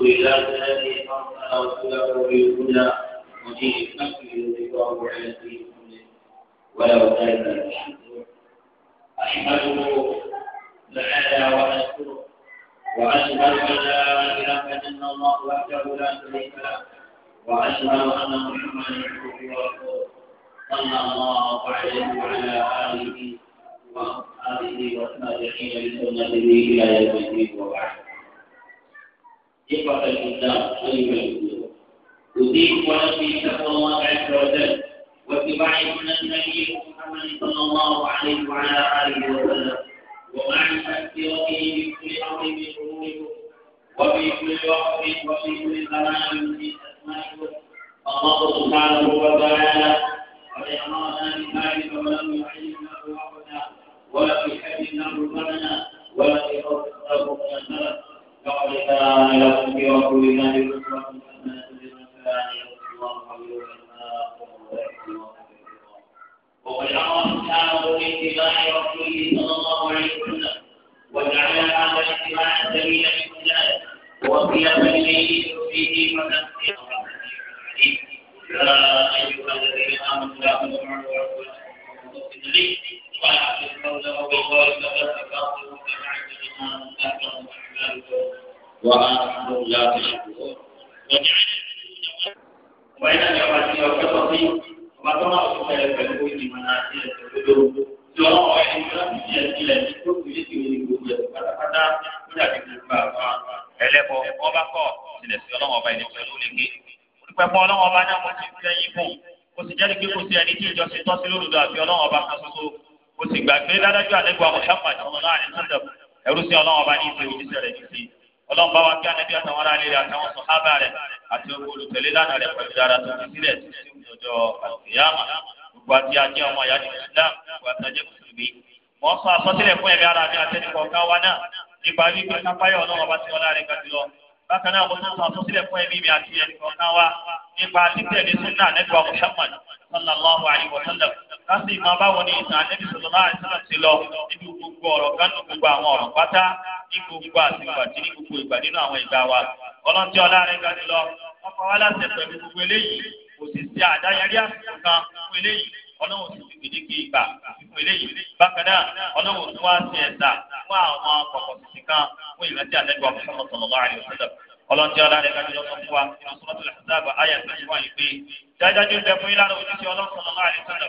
الله الذي أرسل رسوله بالهدى ودين الحق ليظهره على الدين كله ولو كان الحمد أحمده تعالى وأشكره وأشهد أن لا إله إلا الله وحده لا شريك له وأشهد أن محمدا عبده ورسوله صلى الله عليه وعلى آله وأصحابه والتابعين بسنته إلى يوم الدين وبعد ثقة الإسلام أيها الأخوة أتيت ونفسي تقوى الله عز وجل واتباع سنة النبي محمد صلى الله عليه وعلى آله وسلم ومعرفة سيرته في كل أمر من أموركم وفي كل وقت وفي كل زمان من أسمائكم الله سبحانه وتعالى قد أمرنا بذلك ولم يعلمنا وقتا ولم يحدد له زمنا ولم يخفف له من لقد كان لكم في رسول الله أسوة الله واليوم الآخر وقد أمر سبحانه باتباع رسوله صلى الله عليه وسلم وجعل هذا الاتباع سبيلا للهداية وقياما إليه فيه وتفسيرا يا أيها الذين آمنوا لا تطيعوا وآخر لا تشكرون وجعلنا وإلى الجوازي والقصص وطمع في الفلوس منازل القلوب سواء وإن لم يزل الكتب التي يريدون فتفتى من الكتاب ẹlẹ́bọ ọba kọ sílẹ̀ sí ọlọ́wọ́n ọba ẹni pẹ̀lú lẹ́gẹ́ olùpẹ̀pọ̀ ọlọ́wọ́n ọba náà wọ́n ti fi ẹyin fún un ó sì jẹ́rìí pé kò sí ẹni tí ìjọsìn tọ́sí lódodo àfi ọlọ́run ọba kan ṣoṣo ó sì gbàgbé ládájọ́ àlẹ́gbọ́ Muhammad sallallahu alaihi wasallam ẹrú sí ọlọ́run ọba ní ìfẹ́ òjíṣẹ́ rẹ̀ ní ti ọlọ́run bá wa kí ànábì àtàwọn ará ilé àtàwọn sọ̀hábà rẹ̀ àti ogun olùtẹ̀lé lánàá rẹ̀ pẹ̀lú dára tó ti sílẹ̀ sí ọjọ́ àlùkìyàmà gbogbo àti ajé ọmọ ìyá nínú Islam gbogbo àti ajé mùsùlùmí wọ́n sọ àsọtẹ́lẹ̀ fún ẹ̀mí ara mi àtẹnukọ̀ọ́ká wa náà nípa wípé kápáyọ̀ ọlọ́run ọba tí ọlá rẹ̀ gbàdúrà bákan náà mo tún sọ àtúnṣílẹ̀ fún ẹ̀mí mi àti ẹ̀mí kọ̀ọ̀kan wa nípa títẹ̀lé súnà nẹ́tíwá Muhammad sallallahu alayhi wa sallam kásì máa báwo ni ìtàn ànẹ́bí sallallahu alayhi wa sallam ti lọ nínú gbogbo ọ̀rọ̀ kan nínú gbogbo àwọn ọ̀rọ̀ pátá ní gbogbo àsìkò àti ní gbogbo ìgbà nínú àwọn ìgbà wa ọlọ́ntí ọlá rẹ̀ ga jùlọ ọkọ̀ wa láti ẹ̀fẹ̀ gbogbo eléyìí kò sì sí àdáyẹrí àsìkò ọlọ́run ti fi gbèdéke ìgbà fífún eléyìí bákan náà ọlọ́run ti wá sí ẹ̀dá fún àwọn kọ̀kọ̀ tuntun kan fún ìrántí àtẹ́gbẹ́ ọmọ sọ́mọ́ sọ́mọ́ bá àríwá sọ́dọ̀ ọlọ́njẹ́ ọlá rẹ̀ kájọ sọ fún wa nínú sọ́mọ́tò lẹ́sàbà ayé àtẹ́gbẹ́ wáyé pé dájájú bẹ fún ìlànà òjíṣẹ́ ọlọ́run sọ́mọ́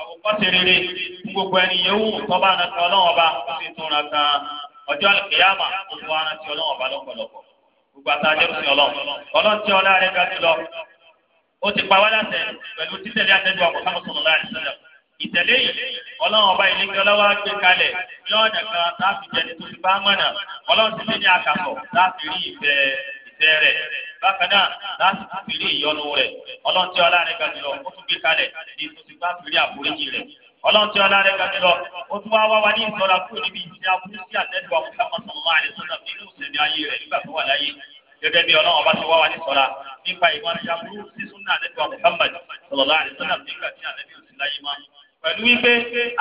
àwòkọ́ ti rere fún gbogbo ẹni yẹ̀wò tọ́ba àrántí ọlọ́run ọba ó tún ra kan ọjọ́ àlùkìyàmà gbogbo àrántí ọlọ́run ọba lọ́pọ̀lọpọ̀ gbogbo àtàjẹ́rùsìn ọlọ́run ọlọ́run tí ọlá rẹ̀ kájọ lọ ó ti pa wá láṣẹ pẹ̀lú títẹ̀lé àtẹ́jú àwọn kámọ́sọ̀rọ̀ láàrin sọ́dọ̀ ìtẹ̀lé yìí ọlọ́run ọba ilé kí ọlọ́wọ́ gbé kalẹ̀ ní ọ̀nà kan láti jẹni tó ti bá mọ̀nà ọlọ́run ti lé ní àkàkọ̀ láti rí ìfẹ́ ìfẹ́ rẹ̀ bákan náà láti tún fi rí ìyọnu rẹ̀ ọlọ́run tí ọlá rẹ̀ gàdì lọ ó tún gbé kalẹ̀ ní tó ti bá fi rí àforíjì rẹ̀ ọlọ́run tí ọlá rẹ̀ gàdì lọ ó tún wá wá wá gẹ́gẹ́ bí ọlọ́run ọba ti wá wa ní sọ́la nípa ìwà ẹ̀yà burú sí súnà àdẹ́gbà Muhammad sọlọ́lá àdìsọ́nà nígbà tí àdẹ́bí ò sí láyé mọ́. pẹ̀lú wípé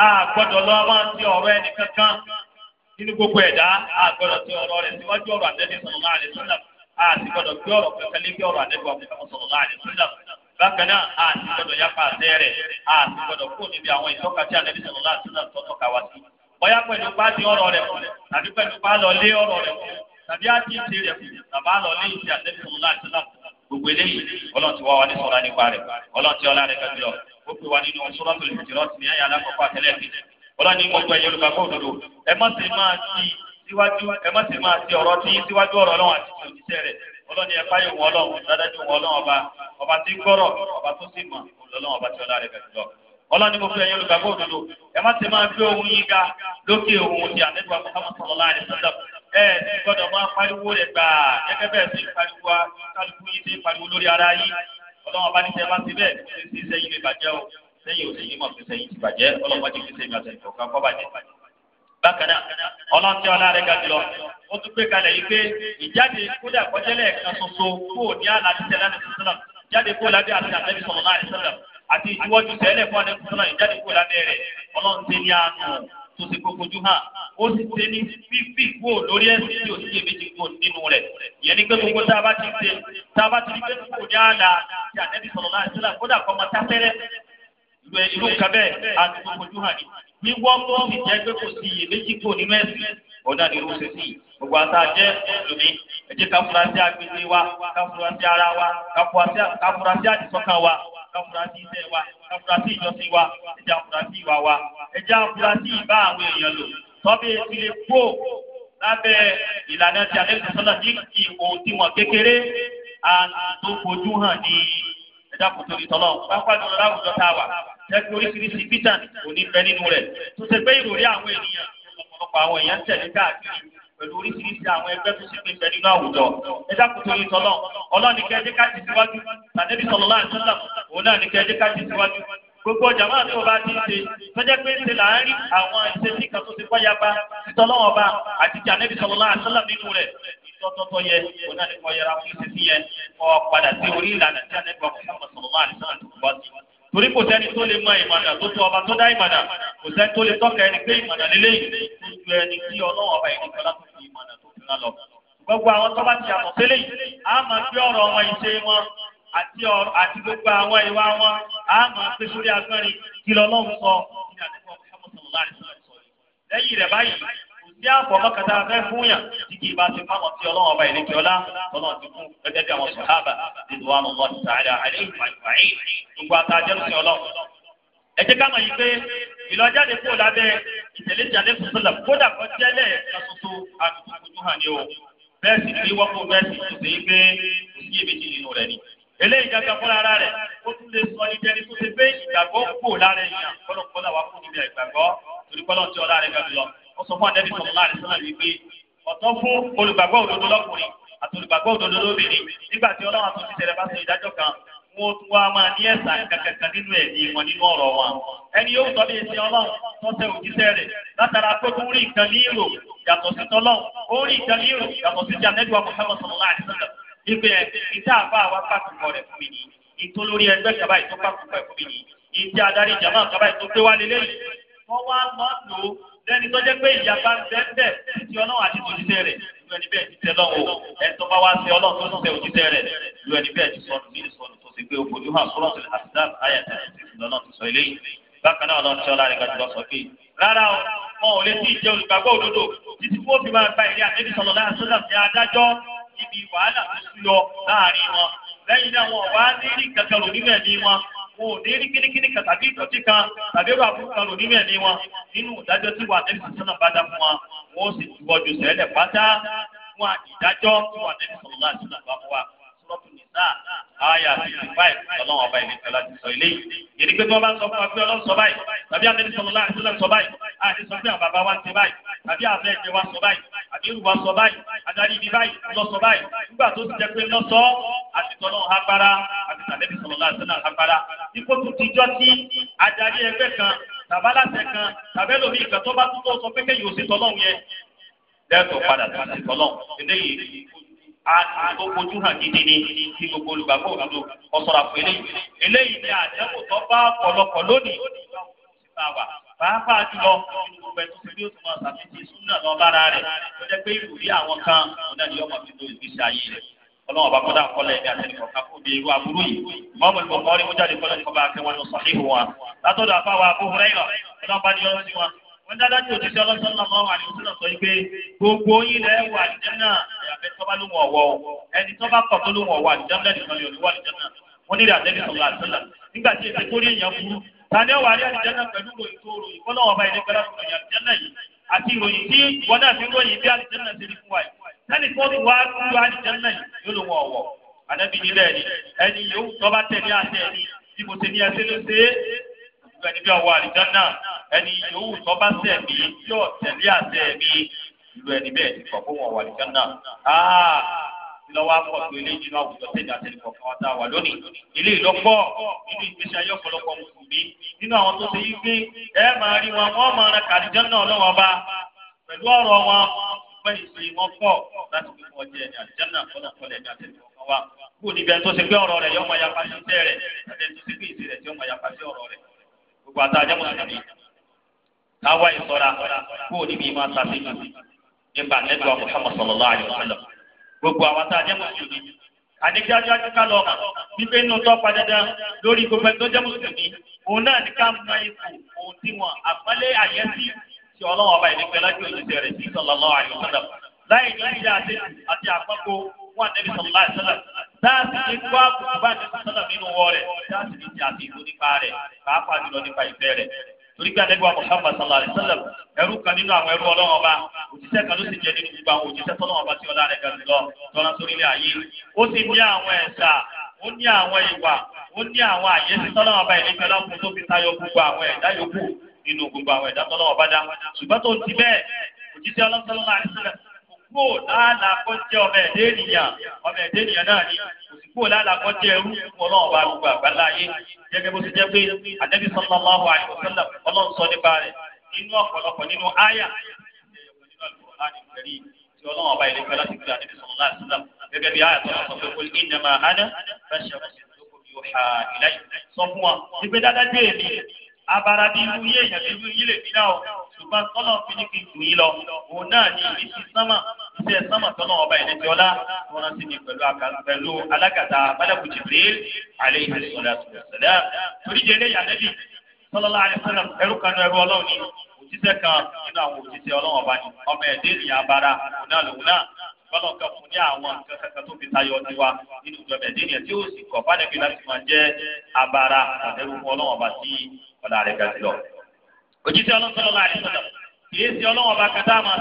a gbọ́dọ̀ lọ máa ti ọ̀rọ̀ ẹni kankan nínú gbogbo ẹ̀dá a gbọ́dọ̀ ti ọ̀rọ̀ rẹ̀ síwájú ọ̀rọ̀ àdẹ́bí sọlọ́lá àdìsọ́nà a ti gbọ́dọ̀ gbé ọ̀rọ̀ kankan lé bí ọ̀rọ̀ àdẹ́gbà Muhammad sọlọ́lá àdìsọ́nà bákan náà a ti gbọ́dọ̀ yapa àtẹ rẹ̀ a ti gbọ́dọ̀ kó níbi àwọn ìtọ́ka tí àdẹ́bí sọlọ́lá àdìsọ́nà tọ́tọ́ ká wá sí. bóyá pẹ̀lú pa ti ọ̀rọ̀ rẹ̀ fún tàbí pẹ̀lú pa lọ lé ọ̀rọ̀ rẹ̀ fún tàbí àdìsí rẹ̀ bàbá lọ lẹ́yìn tí àtẹ́sí ọ̀la àti náà gbogbo eléyìí ọlọ́run ti wá wa ní sọ̀rọ̀ nípa rẹ̀ ọlọ́run ti ọlá rẹ̀ gbẹ̀gbẹ̀ lọ ó pè wá nínú sọ́rọ́tò ìfìtìrọ́tì ní ayé alákọ̀ọ́kọ́ àtẹ́lẹ̀ kejì ọlọ́run ní gbogbo ẹ̀yẹ olùkàkọ́ òdodo ẹ má ṣe máa ti síwájú ẹ má ṣe máa ti ọ̀rọ̀ tí síwájú ọ̀rọ̀ ọlọ́run àti òjíṣẹ́ rẹ̀ ọlọ́ni ẹ̀fá yóò wọ ọlọ́run dáadájú wọ ọlọ́run ọba ọba tí gbọ́rọ̀ ọba tó sì mọ̀ ọlọ́run ọba tí ọlá rẹ̀ bẹ̀rẹ̀ lọ. ọlọ́ni mo fi ẹ̀yin olùgbàgbọ́ òdodo ẹ má ti máa gbé ohun yín ga lókè ohun ti àdébùwà Muhammad sallallahu alaihi wasallam ẹ ẹ gbọ́dọ̀ máa pariwo rẹ̀ gbà gẹ́gẹ́ bẹ́ẹ̀ sí pariwo kálukú yìí sí pariwo lórí ara yìí ọlọ́wọ́n bá ní sẹ́yìn bá ti bẹ́ẹ̀ kó lè sí sẹ́yìn lè bàjẹ́ o sẹ́yìn ò sẹ́yìn mọ̀ pé sẹ́yìn ti bàjẹ́ ọlọ́wọ́n bá ti fi sẹ́yìn àtẹ̀yìn kọ̀ọ̀kan kọ́ bàjẹ́. bákan náà ọlọ́run tí ọlá rẹ̀ ga jùlọ ó tún gbé kalẹ̀ yìí pé ìjáde kódà kọjẹ́lẹ̀ kan ṣoṣo kó o ní àlà àti sẹ́lẹ̀ àti sọ́nà jáde kó lábẹ́ àti àtẹ́bí sọ̀rọ̀ náà àti sọ́nà àti tó ti kó fojú hàn ó sì ṣe ní fífi kúò lórí ẹsìn tí òsì lè méjì kúò nínú rẹ̀ yẹn ni pé gbogbo tá a bá ti ṣe tá a bá ti rí pé kò ní àlà tí ànẹ́bí sọ̀rọ̀ láti sílẹ̀ kódà kọ́ ọmọ tápẹ́rẹ́ ìlú kabẹ́ àti kó fojú hàn ní wíwọ́ tó sì jẹ́ pé kò sí iye méjì kúò nínú ẹsìn ọ̀dà ni irú ṣe sí gbogbo àtà jẹ́ mùsùlùmí ẹ káfúrasí agbègbè wa káfúrasí ara wa káfúrasí àdìsọ́kàn wa káfúra sí iṣẹ́ wa káfúra sí ìjọsìn wa ẹjẹ́ àfúra sí ìwà wa ẹjẹ́ àfúra sí ìbá àwọn èèyàn lò tọ́bí ti lè kó lábẹ́ ìlànà ti àlejò sọ́nà ní ìkó tiwọn kékeré tó fojú hàn ní ẹ̀dá kòtò ìtọ́lọ́ pápá ìdúró láwùjọ tá a wà tẹ́kí oríṣiríṣi bítàn òní bẹ nínú rẹ̀ tó ṣe pé ìròrí àwọn ènìyàn ọ̀pọ̀lọpọ̀ àwọn èèyàn tẹ̀lé káàkiri pẹ̀lú oríṣiríṣi àwọn ẹgbẹ́ tó ṣe pé pẹ̀lú inú àwùjọ. ẹ dákun torí tọ́lọ́ ọlọ́ọ̀ni kẹ́ ẹjẹ́ ká ti síwájú tàdébí sọ̀rọ̀ láàrin sọ́lá òun náà ni kẹ́ ẹjẹ́ ká ti síwájú. gbogbo ọjà máa ní ọba ti ṣe tọ́jẹ́ pé ṣe láàárín àwọn ìṣesí kan tó ti pọ́yà bá títọ́lọ́wọ́n bá àti tàdébí sọ̀rọ̀ láàrin sọ́lá nínú rẹ̀ tọ́tọ́tọ́ yẹ òun náà ni kọ́ yẹra fún ìṣesí yẹn kọ́ padà sí orí ìlànà tí àdébí sọ̀rọ̀ láàrin sọ́lá tó wá sí torí kò sẹ́ni tó lè mọ ìmọ̀nà tó tó ọba tó dá ìmọ̀nà kò sẹ́ni tó lè tọ́ka ẹni pé ìmọ̀nà lélẹ́yìn tó ju ẹni tí ọlọ́wọ́ ọba ìdíkan lápò ju ìmọ̀nà tó fi rán lọ. gbogbo àwọn tó bá ti yàtọ̀ sílẹ̀ yìí a máa gbé ọ̀rọ̀ wọn ìṣe wọn àti ọ̀rọ̀ àti gbogbo àwọn ìwà wọn a máa gbé sórí agbẹ́rin kí lọ́lọ́run sọ ní àdébọ̀ lẹ́yìn rẹ̀ báyìí kò sí àfọ̀mọ́kàtà fẹ́ fún yàn tí kì í bá ti fáwọn tí ọlọ́run ọba ìlẹ́kẹ̀ ọlá tọ́lọ́ ti fún gẹ́gẹ́ bí àwọn sọ̀hábà nínú wa lọ́wọ́ ti sàárà ẹ jẹ́ ká mọ̀ yìí pé ìlọjáde kúrò lábẹ́ ìtẹ̀lé ìjàlẹ̀ sọ̀tọ̀là kódà kọ́ jẹ́lẹ̀ ṣàtúntò àtúntò hàn ní o bẹ́ẹ̀ sì ní wọ́pọ̀ bẹ́ẹ̀ sì tún sí pé kò sí èméjì nínú rẹ̀ ni. eléyìí gàgà fúnra ara rẹ̀ ó tún lè sọ níbi ẹni tó ṣe pé ìgbàgbọ́ kúrò lára èèyàn kọ́lọ̀kọ́lọ̀ wà fún níbi ìgbàgbọ́ torí kọ́lọ̀ tí ọlá rẹ̀ gàdú lọ. ó sọ fún àdẹ́bí sọ̀rọ̀ láàrin sọ́nà wípé ọ̀tọ̀ fún olùgbàgbọ́ òdodo lọ́kùnrin àti olùgbàgbọ́ òdodo lóbìnrin nígbà tí ọlọ́run àtúntì tẹ̀lé bá sọ ìdájọ́ kan wọn tún wá máa ní ẹ̀sà kankan nínú ẹ̀mí wọn nínú ọ̀rọ̀ wọn. ẹni yóò sọ bí èsì ọlọ́run tọ́tẹ òjíṣẹ́ rẹ̀ látara pé tó ń rí nǹkan ní èrò yàtọ̀ sí tọ́lọ́run ó rí nǹkan ní èrò yàtọ̀ sí jàǹdẹ́gbà Muhammad sallallahu alaihi wasallam ibẹ̀ ìta àbá wa pàtùkọ̀ rẹ̀ fún mi nìyí ìtò lórí ẹgbẹ́ kaba ìtò pàtùkọ̀ rẹ̀ fún mi nìyí ìdí adarí jàmáà kaba ìtò pé wá lélẹ́yìn wọ́n wá lọ́ọ́ lò lẹ́ni tó jẹ́ pé ìyàbá ń bẹ́ẹ̀ bẹ́ẹ̀ lu ẹni bẹ́ẹ̀ ti tẹ lọ́wọ́ ẹni tó bá wá sí ọlọ́run tó tẹ òjíṣẹ́ rẹ̀ lu ẹni bẹ́ẹ̀ ti sọnù ní ìsọnù tó ti gbé ojú hàn sọ́rọ̀ sílẹ̀ àtìdáàbò ayàtà ẹ̀sìn lọ́nà ti sọ eléyìí bákan náà ọlọ́run tí ọlá rẹ̀ gàdúrà sọ pé rárá o wọn ò lè tí ì jẹ olùgbàgbọ́ òdodo títí fún òfin máa gba ìlé àtẹ́bí sọ̀rọ̀ láàrin sọ́jà sí adájọ́ níbi wàhálà tó lọ láàrin wọn lẹ́yìn náà wọn wá ní rí kankan wọn ò ní rí kínníkínní kan tàbí ìdọ̀tí kan tàbí ìrọ̀ àbúrò kan nínú ẹ̀mí wọn nínú ìdájọ́ tí wà nẹ́bí sọ́nà bá dá fún wa wọn ó sì wọ́jú sẹ́lẹ̀ pátá fún ìdájọ́ tí wà nẹ́bí sọ́nà bá fún wa sọ́tún nìta àyà sixty five ọlọ́run ọba ìlú ìfẹ́ láti sọ eléyìí. èdè pé tí wọ́n bá sọ fún wa pé ọlọ́run sọ báyìí tàbí àtẹ́lẹ́ sọ lọ́la àti sọ báyìí àti sọ pé àbàbà wa ti báyìí tàbí àbẹ́ ẹ̀jẹ̀ wa sọ báyìí àbí irú wa sọ báyìí adarí ibi báyìí lọ sọ báyìí nígbà tó ti jẹ́ pé lọ́sọ àti tọ́lọ́run agbára àti tàbí sọ lọ́la àti náà agbára. ipò tó àti ojú hàn gidi ni ti gbogbo olùgbàgbọ́ òdodo ọ̀sọ̀rọ̀ àpò eléyìí eléyìí ni àdéhùn tó bá ọ̀pọ̀lọpọ̀ lónìí pàápàá jùlọ gbogbo ẹtù tí yóò tún máa ṣàfihàn súnà lọ lára rẹ̀ tó jẹ́ pé ìrù rí àwọn kan ọ̀nà ni ọmọ mi tó ìgbésí ayé rẹ̀ ọlọ́wọ́n bá kọ́dà kọ́lẹ̀ ẹ̀mí àtẹnukọ̀ ká kó bí irú aburú yìí mọ́mọ́ ìgbọ̀ngàn rí mú jáde kọ́lẹ̀ nípa bá akẹ́wọ́n ló sọ wọ́n dáadáa tí òjíṣẹ́ ọlọ́sán náà máa wà ní oṣù náà sọ pé gbogbo yín lẹ́ wà nìjẹ́ náà ìyàfẹ́ tọ́ba ló wọ̀ wọ́ ẹni tọ́ba pọ̀ tó ló wọ̀ wà nìjẹ́ náà nìkan yóò ní wà nìjẹ́ náà wọ́n nílẹ̀ àtẹ́bí sọ̀rọ̀ àtẹ́là nígbà tí èsì torí èèyàn burú tani ọ̀wà rí àtijọ́ náà pẹ̀lú ròyìn tó ròyìn kọ́ lọ́wọ́ báyìí lẹ́gbẹ̀rẹ́ ròyìn àtijọ́ náà yìí àti ròyìn tí wọn náà fi ròyìn bí àtijọ́ ti fún wa yìí sẹ́ni tó ti wá ẹni bí ọwọ́ àlìjọ́nà ẹni yòówù tó bá ṣẹ̀ mí yóò tẹ̀lé àṣẹ mi ìlú ẹni bẹ́ẹ̀ ti kọ̀ fún ọwọ́ àlìjọ́nà ah, lọ́wọ́ àpọ̀tù eléyìí nínú àwùjọ tẹ̀lé àtẹnukọ̀ kan tá a wà lónìí. ilé ìlọ́pọ̀ nínú ìgbésí ayé ọ̀pọ̀lọpọ̀ mùsùlùmí nínú àwọn tó ṣe yí pé ẹ máa rí wọn wọ́n máa ra kàdíjọ́ náà lọ́wọ́ bá pẹ̀lú ọ̀rọ̀ wọn pẹ́ ìpè wọn pọ̀ láti fi wọn jẹ ẹni àdíjọ́ náà kọ́nà kọ́lẹ̀ ẹni àtẹnukọ̀ kan wà. kúrò níbi ẹni tó ṣe pé ọ̀rọ̀ rẹ̀ yọ gbogbo àtàjẹ́ mùsùlùmí káwá ìsọ́ra kó o níbi máa ta síkù nípa nípa Muhammad sallallahu alaihi wasallam gbogbo àwọn àtàjẹ́ mùsùlùmí àdéjájú àdúgbò lọ mà wípé inú tó pa dandan lórí gbogbo ẹni tó jẹ́ mùsùlùmí òun náà ní ká mọ ipò òun tí wọn àpẹẹlẹ àyẹsí tí Ọlọ́run ọba ìdíkẹ lájú òṣìṣẹ́ rẹ̀ sí sallallahu alaihi wasallam láì ní ìdí àti àpapọ̀ fún ànẹ́bí sọ̀rọ̀ àìsọ̀rọ̀ táàsì ní kó àbùkù bá ànẹ́bí sọ̀rọ̀ nínú wọ rẹ̀ táàsì ní ti àti ìlú nípa rẹ̀ pàápàá jùlọ nípa ìfẹ́ rẹ̀ torí pé ànẹ́bí wa Muhammad sallallahu alayhi wa sallam ẹrú kan nínú àwọn ẹrú Ọlọ́run ọba òjíṣẹ́ kan ló sì jẹ́ nínú gbogbo àwọn òjíṣẹ́ tọ́lọ́run ọba tí ọlá rẹ̀ ga jùlọ tọ́lá sórí ilé ayé ó sì ní àwọn ẹ̀sà ó ní àwọn ìwà ó ní àwọn àyè tí tọ́lọ́run ọba ìlẹ́gbẹ́ lọ́kùn tó fi tayọ gbogbo àwọn ẹ̀dá yòókù nínú gbogbo àwọn ẹ̀dá tọ́lọ́run ọba dá ṣùgbọ́n tó ti bẹ́ẹ̀ òjíṣẹ́ ọlọ́sọ́lọ́lá àdìsílẹ̀ kúò láàlà kọjẹ́ ọmọ ẹ̀dẹ́ ènìyàn ọmọ ẹ̀dẹ́ ènìyàn náà ni kò sí kúò láàlà kọjẹ́ ẹrú fún ọlọ́run bá gbogbo àgbáláyé gẹ́gẹ́ bó ti jẹ́ pé ànábì sallallahu alaihi wasallam ọlọ́run sọ nípa rẹ̀ nínú ọ̀pọ̀lọpọ̀ nínú áyà ọlọ́run ọba ìlẹ́fẹ́ láti gbé ànábì sallallahu alaihi wasallam gẹ́gẹ́ bí áyà tó ṣùgbọ́n tọ́lọ̀ fi ní kí n jù yín lọ òun náà ní iṣẹ́ sánmà iṣẹ́ sánmà tọ́lọ̀ ọba ìrètí ọlá tí wọ́n rántí ní pẹ̀lú pẹ̀lú alágàtà malaku Jibril alayhi salatu wassalam toríje eré yàtẹ́bì sallallahu alaihi ẹrú kan ẹrú ọlọ́run ní òtítẹ́ kan nínú àwọn òtítẹ́ ọlọ́run ọba ní fún ní àwọn nǹkan tó fi tayọ tiwa nínú ìjọba ẹ̀dẹ́ ènìyàn tí ó sì kọ̀ fánẹ́bí láti máa jẹ́ abara àtẹ̀rù fún ọlọ́run ọba tí ọ̀la rẹ̀ gàdúrà. òjíṣẹ́ ọlọ́run sọ̀rọ̀ láàrin si kìí ṣe ọlọ́run ọba kẹta máa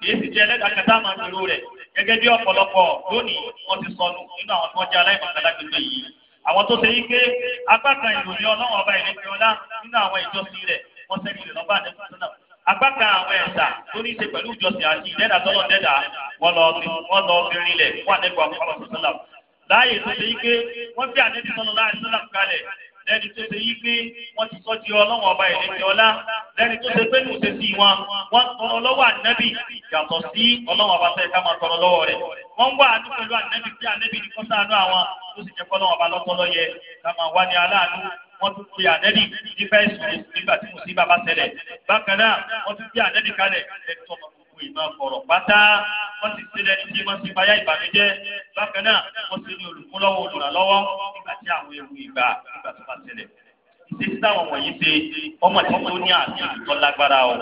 kìí jẹ ẹlẹ́dàá kẹta máa ń lò rẹ̀ gẹ́gẹ́ bí ọ̀pọ̀lọpọ̀ lónìí wọ́n ti sọnù nínú àwọn tí wọ́n jẹ́ aláìmọ̀kàlá gbogbo yìí àwọn tó ṣe yí pé apá kan ọba ọlá nínú àwọn ìjọsìn rẹ̀ wọ́n rẹ̀ lọ́ba àdẹ́kùn sọ́nà apá kan àwọn ẹ̀sà tó ní í ṣe pẹ̀lú lẹ́ni tó ṣe yí pé wọ́n ti sọ di ọlọ́run ọba ìrètí ọlá lẹ́ni tó ṣe pé nùsẹ̀ sí wọn wọ́n ń tọrọ lọ́wọ́ ànábì yàtọ̀ sí ọlọ́run ọba tẹ̀ ká máa tọrọ lọ́wọ́ rẹ̀ wọ́n ń wá àánú pẹ̀lú ànábì kí ànábì ní kọ́sánú àwọn tó sì jẹ́ kọ́ lọ́wọ́ ọba lọ́tọ́lọ́ yẹ ká máa wá ní aláàánú wọ́n tún fi ànẹ́bì nípa ẹ̀sùn nígbà tí mo sì bàbá ṣẹlẹ̀ bákan náà wọ́n tún fi ànẹ́bì kalẹ̀ ẹ̀ gbogbo ìmọ̀ ọ̀rọ̀ pátá wọ́n ti sílẹ̀ ní bí wọ́n ti báyá ìbànújẹ́ bákan náà wọ́n ti ní olùkúnlọ́wọ́ olùrànlọ́wọ́ nígbà tí àwọn ewu ìgbà nígbà tó bá ṣẹlẹ̀. ìṣesí táwọn wọ̀nyí ṣe ọmọ tí wọ́n ní àti ìtọ́ lágbára ọ̀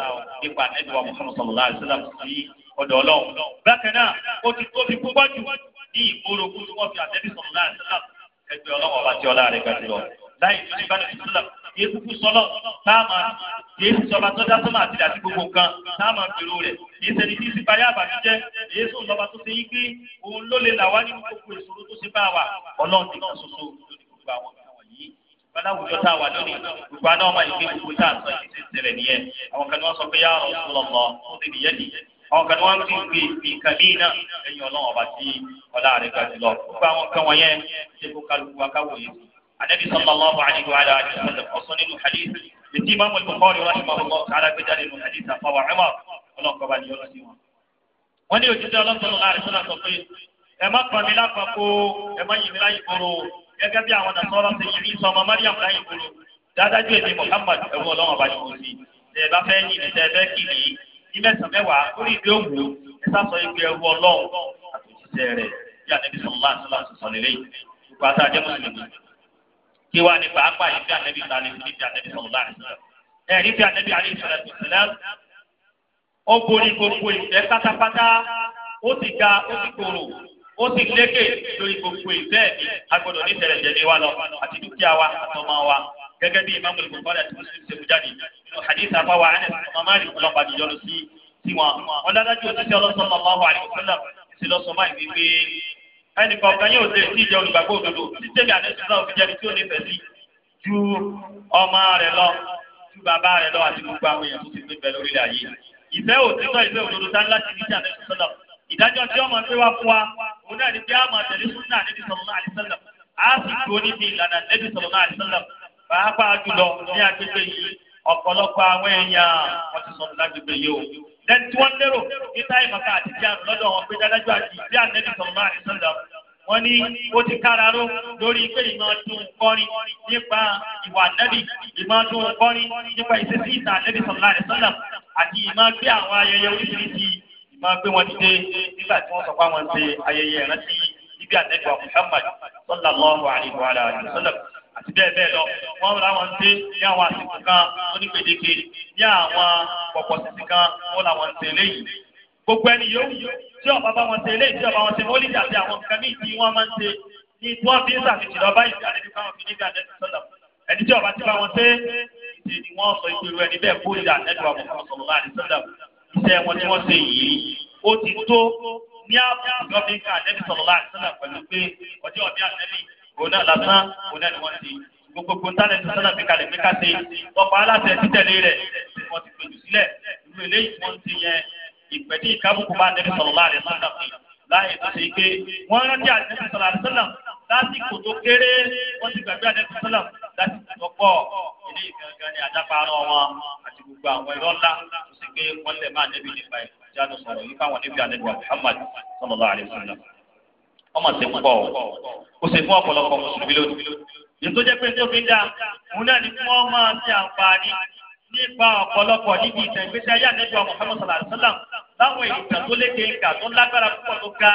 nípa ẹ̀dùn Muhammad sallallahu alaihi wasallam sí ọ̀dọ̀ ọlọ́run. bákan náà ó ti tóbi púpọ̀ jù ní ìgboro kó tí wọ́n fi àtẹ́bí sallallahu alaihi wasallam ẹgbẹ́ ọlọ́run ọba tí ọlá kìí kúkú sọlọ táàmà kìí sọba tó dá sọmọ gbogbo nǹkan táàmà bèrò rẹ kìí ṣẹni tí ìsìnkú ayé àbàtújẹ kìí sùn tó ṣe yí òun ló lè là wá nínú gbogbo ìṣòro tó ṣe bá wa ọlọ́run nìkan ṣoṣo lórí gbogbo àwọn wọ̀nyí gbadawùjọ tá a wà lónìí gbogbo àná ọmọ ìgbé gbogbo tá a sọ yìí ti ṣẹlẹ̀ nìyẹn àwọn kan ní wọn sọ pé yàrá ọ̀sùn lọ́mọ ó ti nìyẹn nìyẹn àwọn kan ní wọn ti gbé nǹkan míì náà lẹ́yìn ọlọ́run ọba tí ọlá rẹ̀ gbàdúrà gbogbo àwọn kan wọ̀nyẹn ṣe kó kálukú wa káwọ̀ yìí anabi sallallahu alayhi wa alayhi wa sallam ọ̀sán nínú hadith ètí ìmáàmù Bukhari rahimahullah ta'ala gbé jáde nínú hadith àfàwà ẹ̀mọ́ ọlọ́kọ̀ọ́ba ni yọ̀ọ́ sí wọn. wọ́n ní òjijì ọlọ́sọ̀rọ̀ àrísọ́nà sọ pé ẹ má pàmí lápapọ̀ ẹ má yìí láyé koro gẹ́gẹ́ bí àwọn nasọ́rọ́ ti yìí sọ ọmọ Mariam láyé koro dáadájú èmi Muhammad ẹ̀wọ̀n ọlọ́run ọba ni mo sì ṣe ẹ bá fẹ́ yìn ṣe ẹ fẹ́ kì í ní mẹ́sàn-án lórí ìdí òwú ẹ sá sọ ibi ẹ̀wọ̀ ọlọ́run àtúnṣe rẹ̀ bí àdébísọ̀ ńlá àti sọ kí wàá ní pàápàá yìí fi ànẹ́bí ta lè fi ànẹ́bí sọ̀rọ̀ láàrin ẹ̀rí fi ànẹ́bí àrí ìṣẹ̀lẹ̀ ìṣẹ̀lẹ̀ ó borí gbogbo ìfẹ́ pátápátá ó ti ga ó ti kòrò ó ti lékè lórí gbogbo ìfẹ́ mi agbọ́dọ̀ ní ìṣẹ̀lẹ̀ jẹ̀mí wa lọ àti dúkìá wa àtọmọ wa gẹ́gẹ́ bí ìmáàmù ìgbòkọ́lẹ̀ àti mùsùlùmí ṣe mú jáde nínú ẹnì kọ̀ọ̀kan yóò ṣe sí ìjọ olùgbàgbọ́ òdodo títẹ̀mí àdéhùn náà fi jẹ́ni tí ó nífẹ̀ẹ́ sí ju ọmọ rẹ̀ lọ ju bàbá rẹ̀ lọ àti gbogbo àwọn èèyàn tó ti gbé bẹ lórílẹ̀ ayé ìfẹ́ òtítọ́ ìfẹ́ òdodo tá láti ní ìjà lẹ́sùn sọ́dọ̀ ìdájọ́ tí ọmọ pé wá fún wa òun náà ní bí a máa tẹ̀lé súnà níbi sọ̀rọ̀ náà àdìsọ́lọ̀ a sì dúró níbi ìlànà níbi sọ̀rọ̀ náà àdìsọ́lọ̀ pàápàá jùlọ ní agbègbè yìí ọ̀pọ̀lọpọ̀ àwọn èèyàn wọ́n ti sọ̀rọ̀ lágbègbè lẹ́tí wọ́n lérò ní táyì màkà àti kíárù lọ́dọ̀ wọn pé dáadájú àti ìdí ànẹ́bí sọ̀rọ̀ máa rí sọ́dọ̀ wọ́n ní ó ti kára ró lórí pé ìmọ̀ tún kọrin nípa ìwà ànẹ́bí ìmọ̀ tún kọrin nípa ìṣesí ìta ànẹ́bí sọ̀rọ̀ àti sọ́dọ̀ àti ìmọ̀ gbé àwọn ayẹyẹ oríṣiríṣi ìmọ̀ gbé wọn dìde nígbà tí wọ́n sọ pé ṣe ayẹyẹ ìrántí ibi ànẹ́bí wa Muhammad àti bẹ́ẹ̀ bẹ́ẹ̀ lọ wọ́n làwọn ń ṣe ní àwọn àsìkò kan onígbèdéke ní àwọn pọ̀pọ̀ títí kan wọ́n làwọn ń ṣe eléyìí gbogbo ẹni yòówù tí ọba bá wọn ṣe eléyìí tí ọba wọn ṣe wọlé àti àwọn nǹkan míì tí wọ́n máa ń ṣe ní tí wọ́n fi ń ṣàfihàn lọ báyìí àdébí káwọn fi nígbà nẹ́ẹ̀tì sọ́dọ̀ ẹni tí ọba ti bá wọn ṣe ìṣe ni wọ́n sọ ìpèrú ẹni bẹ́ẹ̀ kó ìyá nẹ́ẹ̀tì wà mọ̀ sọ̀rọ̀ láàrin sọ́dọ̀ iṣẹ́ wọn tí wọ́n ṣe yìí ó ti tó ní àbùkù lọ́bí ká nẹ́ẹ̀tì sọ̀rọ̀ láàrin sọ́dọ̀ pẹ̀lú pé ọjọ́ ọbí àtẹ́lẹ̀ òun náà lásán òun náà ni wọ́n ti gbogbo gbòǹtálẹ̀ tó sọ́nà fìkàlẹ̀ fìkà ṣe ọ̀pọ̀ aláṣẹ títẹ̀lé rẹ̀ wọ́n ti gbèjù sílẹ̀ irú eléyìí wọ́n ti yẹ ìpẹ̀dí ìkábùkù bá nẹ́bí sọ̀rọ̀ láàrin sọ́nà fún láàyè tó ṣe pé wọ́n rántí àdébí sọ̀rọ̀ àdébí lásìkò tó kéré wọ́n ti gbàgbé àdébí sọ̀rọ̀ lásìkò tó pọ̀ eléyìí gangan ni àdáparọ́ wọn àti gbogbo àwọn ẹ̀rọ ńlá tó ṣe pé wọ́n lè má nẹ́bí nípa ìjánu sọ̀rọ̀ yìí fáwọn níbi àdébí Muhammad sallallahu alaihi wasallam ọmọ ti pọ̀ o ṣe fún ọ̀pọ̀lọpọ̀ mùsùlùmí lónìí. nítorí pé tí o fi dá òun náà ni wọ́n máa ti àǹfààní nípa ọ̀pọ̀lọpọ̀ níbi ìtàn ìgbésí ayé àdéjọ Muhammad sallallahu alaihi wasallam láwọn ìtàn tó léke ìkà tó lágbára púpọ̀ tó ga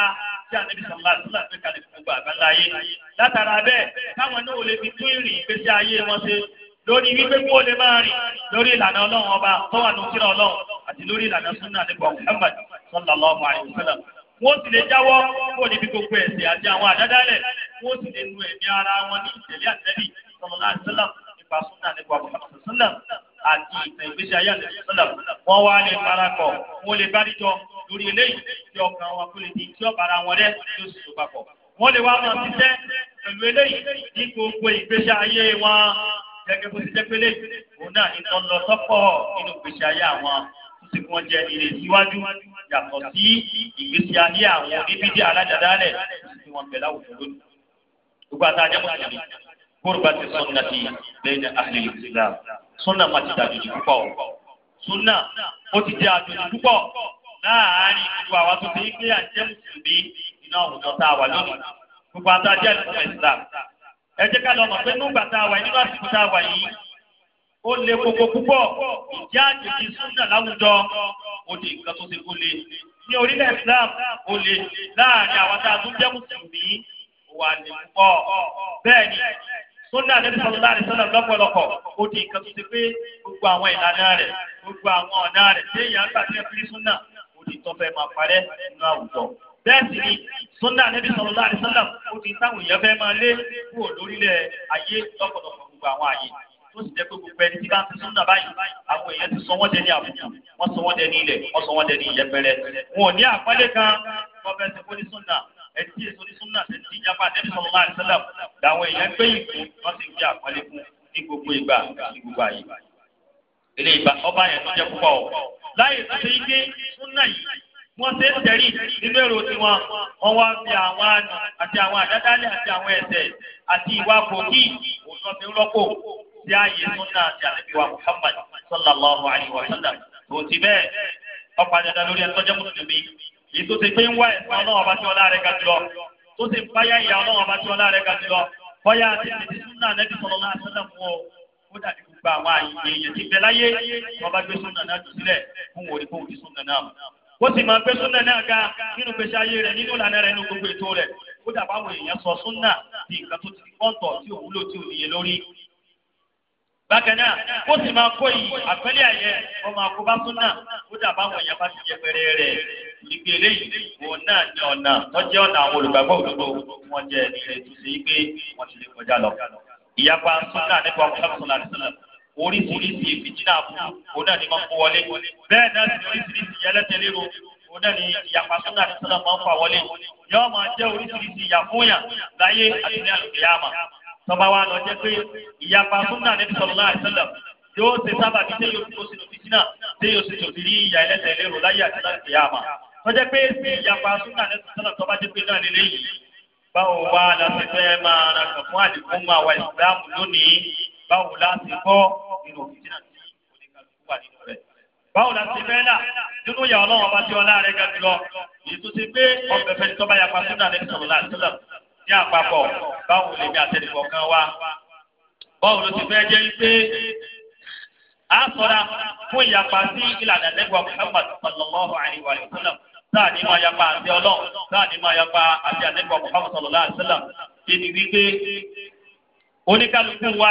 tí àdébí sallallahu alaihi wasallam kalẹ̀ fún gbogbo àgbáńlá ayé. látara bẹ́ẹ̀ káwọn náà ò lè fi tún ìrìn ìgbésí ayé wọn ṣe lórí wípé kó lè máa rìn lórí ìlànà ọlọ́run ọba tó wà ní ọlọ́run àti lórí ìlànà sunnah nípa Muhammad sallallahu alaihi wasallam wọ́n sì lè jáwọ́ kó níbi gbogbo ẹ̀sìn àti àwọn àdádálẹ̀ wọ́n sì lè nu ẹ̀mí ara wọn ní ìtẹ̀lé àtẹ́lẹ̀ sọlọ́lá àṣẹlá nípa súnà nípa àbùkàtàṣẹlá àti ìtàn ìgbésí ayé àṣẹlá wọ́n wá lè parakọ̀ wọ́n lè gbáríjọ lórí eléyìí tí ọkàn wọn kò lè di tí ọ̀bàrà wọn rẹ̀ tí ó sì tó papọ̀ wọ́n lè wá máa ṣiṣẹ́ pẹ̀lú eléyìí ní gbogbo ìgbésí ayé wọn gẹ́gẹ́ bó ti jẹ́ pé eléyìí òun náà ní tọ́ lọ sọ́pọ̀ nínú ìgbésí sì fún ọjà ìrè síwájú yàtọ̀ sí ìgbésí ayé àwọn oníbídí aládàdálẹ̀ tí wọ́n bẹ̀ láwùjọ lónìí. gbogbo àtàjẹ́ mùsùlùmí kóòrùbá ti sọ́nà ti lẹ́yìn àhìlì Islam sọ́nà máa ti dàjòjì púpọ̀ sọ́nà ó ti jẹ́ àjòjì púpọ̀ láàárín gbogbo àwọn tó ti ń gbé àjẹ́ mùsùlùmí iná àwùjọ tá a wà lónìí gbogbo àtàjẹ́ àlùfáà Islam ẹ jẹ́ ká lọ mọ̀ pé nígbà tá a wà nínú àsìkò tá a wà yìí ó le koko púpọ̀ ìjà àjèjì súnà láwùjọ ó di nǹkan tó ṣe kó le ní orílẹ̀ Islam ó le láàrin àwọn tá a tún jẹ́ mùsùlùmí wà ní púpọ̀ bẹ́ẹ̀ ni súnà ní sọ̀rọ̀ láàrin sọ̀rọ̀ lọ́pọ̀lọpọ̀ ó di nǹkan tó ṣe pé gbogbo àwọn ìlànà rẹ̀ gbogbo àwọn ọ̀nà rẹ̀ ṣé ìyá gbà tí fi súnà ó di tọ́fẹ́ máa parẹ́ nínú àwùjọ bẹ́ẹ̀ sì ni súnà níbi sọ̀rọ̀ láàrin sọ̀rọ̀ ó di táwọn èèyàn fẹ́ máa lé kúrò lórílẹ̀ ayé lọ́pọ̀lọpọ̀ gbogbo àwọn àyè tó sì jẹ́ pé gbogbo ẹni tí ká ti súnà báyìí àwọn èèyàn ti sọ wọ́n dẹni àbùkù wọ́n sọ wọ́n dẹni ilẹ̀ wọ́n sọ wọ́n dẹni ìyẹpẹrẹ. wọn ò ní àpẹẹrẹ kan kọfẹ ti kó ní súnà ẹtí èso ní súnà ẹtí ìjàpá ẹtí sọmọ máa ń sẹlẹ làwọn èèyàn gbé ìgbó wọn sì gbé àpẹẹrẹ fún ní gbogbo ìgbà ní gbogbo àyè. ilé ìgbà ọba yẹn tó jẹ púpọ̀ o láyé tó ṣe ike súnà yìí wọ́n ṣe ń tẹ̀rí nínú èrò tiwọn wọ́n wá fi àwọn àti àwọn àdádálẹ̀ àti àwọn ẹ̀ṣẹ̀ àti ìwà kòkí òun lọ́ fi ń rọ́pò sí ààyè súnà àti àlẹ́bí wa Muhammad sallallahu alayhi wa sallam òun ti bẹ́ẹ̀ ọ̀pọ̀ àjàdá lórí ẹ̀tọ́jẹ́ mùsùlùmí èyí tó ti pé ń wá ẹ̀sán ọlọ́wọ́ bá tí ọlá rẹ̀ ga jùlọ tó ti ń báyà ìyá ọlọ́wọ́ bá tí ọlá rẹ̀ ga jùlọ bọ́yá àti ìdí súnà àlẹ́bí sallallahu alayhi wa sallam wọ ó dàbí gbogbo àwọn àyè èèyàn ti bẹ láyé wọn bá gbé súnà náà jù sílẹ̀ fún wọn òdìbò òdì súnà náà ó sì máa gbé súnà náà ga nínú gbèsè ayé rẹ̀ nínú ìlànà rẹ̀ nínú gbogbo ètò rẹ̀ ó dàbí èèyàn sọ súnà di nǹkan tó ti pọ́ǹtọ̀ tí òwúlò tí ò níye lórí bákan náà ó sì máa kó yìí àpẹẹlẹ àyẹ ọmọ àkóbá súnà ó dàbá àwọn èèyàn bá ti jẹ pẹrẹ rẹ ìgbé eléyìí òun náà ní ọ̀nà tọ́jú ọ̀nà àwọn olùgbàgbọ́ òdodo wọn jẹ ìrè tó ṣe pé wọn ti lè kọjá lọ. ìyapa súnà nípa ọ̀pọ̀lọpọ̀ àdìsọ́nà oríṣiríṣi ìfìjìnà àbúrò òun náà ni máa ń kó wọlé bẹ́ẹ̀ náà sì oríṣiríṣi yẹlẹ́tẹ̀léro òun náà ni ìyapa súnà àdìsọ́nà máa ń fà wọlé yọ́ọ́ máa jẹ́ oríṣiríṣi ìyàfóyà láyé àti ní tọba wa lọ jẹ pé ìyapa súnà níbi sallallahu alaihi wasallam yóò ṣe sábà bí téyò tó sinú fìtínà téyò sì tòsí rí ìyá ẹlẹ́sẹ̀ lérò láyé àti láti fi àmà tọ́jẹ́ pé sí ìyapa súnà níbi sọlá tọba jẹ pé náà lélẹ́ yìí báwo wá la ti fẹ́ máa ra kàn fún àdìgún máa wà ìsìlámù lónìí báwo la ti kọ́ nínú fìtínà tí oníkàlùkù wà nínú rẹ̀ báwo la ti fẹ́ là nínú ìyá ọlọ́run ọba tí ọlá rẹ̀ ga jùlọ ètò ti gbé ọbẹ̀ fẹ́ tọ́ba ní àpapọ̀ báwo lèmi àtẹnìkọ̀ kan wá báwo ló ti fẹ́ jẹ́ pé a sọra fún ìyapa sí ìlànà lẹ́gbọ̀n Muhammad sallallahu alayhi wa sallam sáà ní máa yapa àti ọlọ́run sáà ní máa yapa àti àlẹ́gbọ̀n Muhammad sallallahu alayhi wa sallam ìdí wípé oníkálukú wa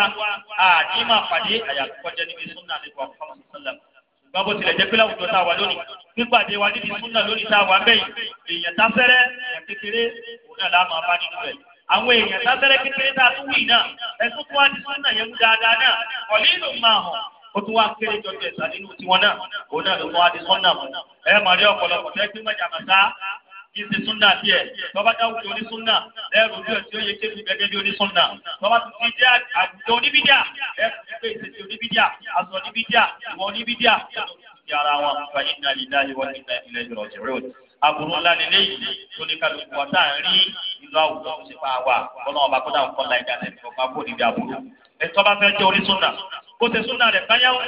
àti máa pàdé àyàtúkọjẹ níbi sunna àlẹ́gbọ̀n Muhammad sallallahu alayhi wa sallam gbàgbọ́ tilẹ̀ jẹ́ pé láwùjọ tá lónìí pípàdé wa níbi súnà lórí tá a wà bẹ́yìn èèyàn tá fẹ́rẹ́ kékeré òun náà láàmú abá nínú rẹ̀ àwọn èèyàn tá fẹ́rẹ́ kékeré tá a tún wì náà ẹ̀sùn tó wá di súnà yẹn mú dáadáa náà ọ̀lẹ ìlú máa hàn ó tún wá kéré jọjọ ẹ̀sà nínú tiwọn náà òun náà ló mú adé sọ́nà mọ́ ẹ màrí ọ̀pọ̀lọpọ̀ kí n ṣe súnà díẹ̀ bàbá dáwù di onísúnà ẹrù ojú ẹ̀ tí ó yẹ kí èmi gẹ́gẹ́ bí onísúnà bàbá tó ti jẹ́ àjọ oníbídíà ẹrù pé ìṣèṣe oníbídíà aṣọ oníbídíà ìwọ oníbídíà ìṣèṣe ara wọn fa inna lillahi wa inna ilayhi raji'un aburú ńlá ni léyìí tó ní kálukú wa rí ìlú àwùjọ tó ti máa wà ọlọ́run ọba kó dáhùn kọ́ńlá ìdáná ẹ̀fọ́ máa bò níbi aburú ẹ̀tọ́ bá fẹ́ jẹ́ onísúnà kó ṣe súnà rẹ̀ káyà ó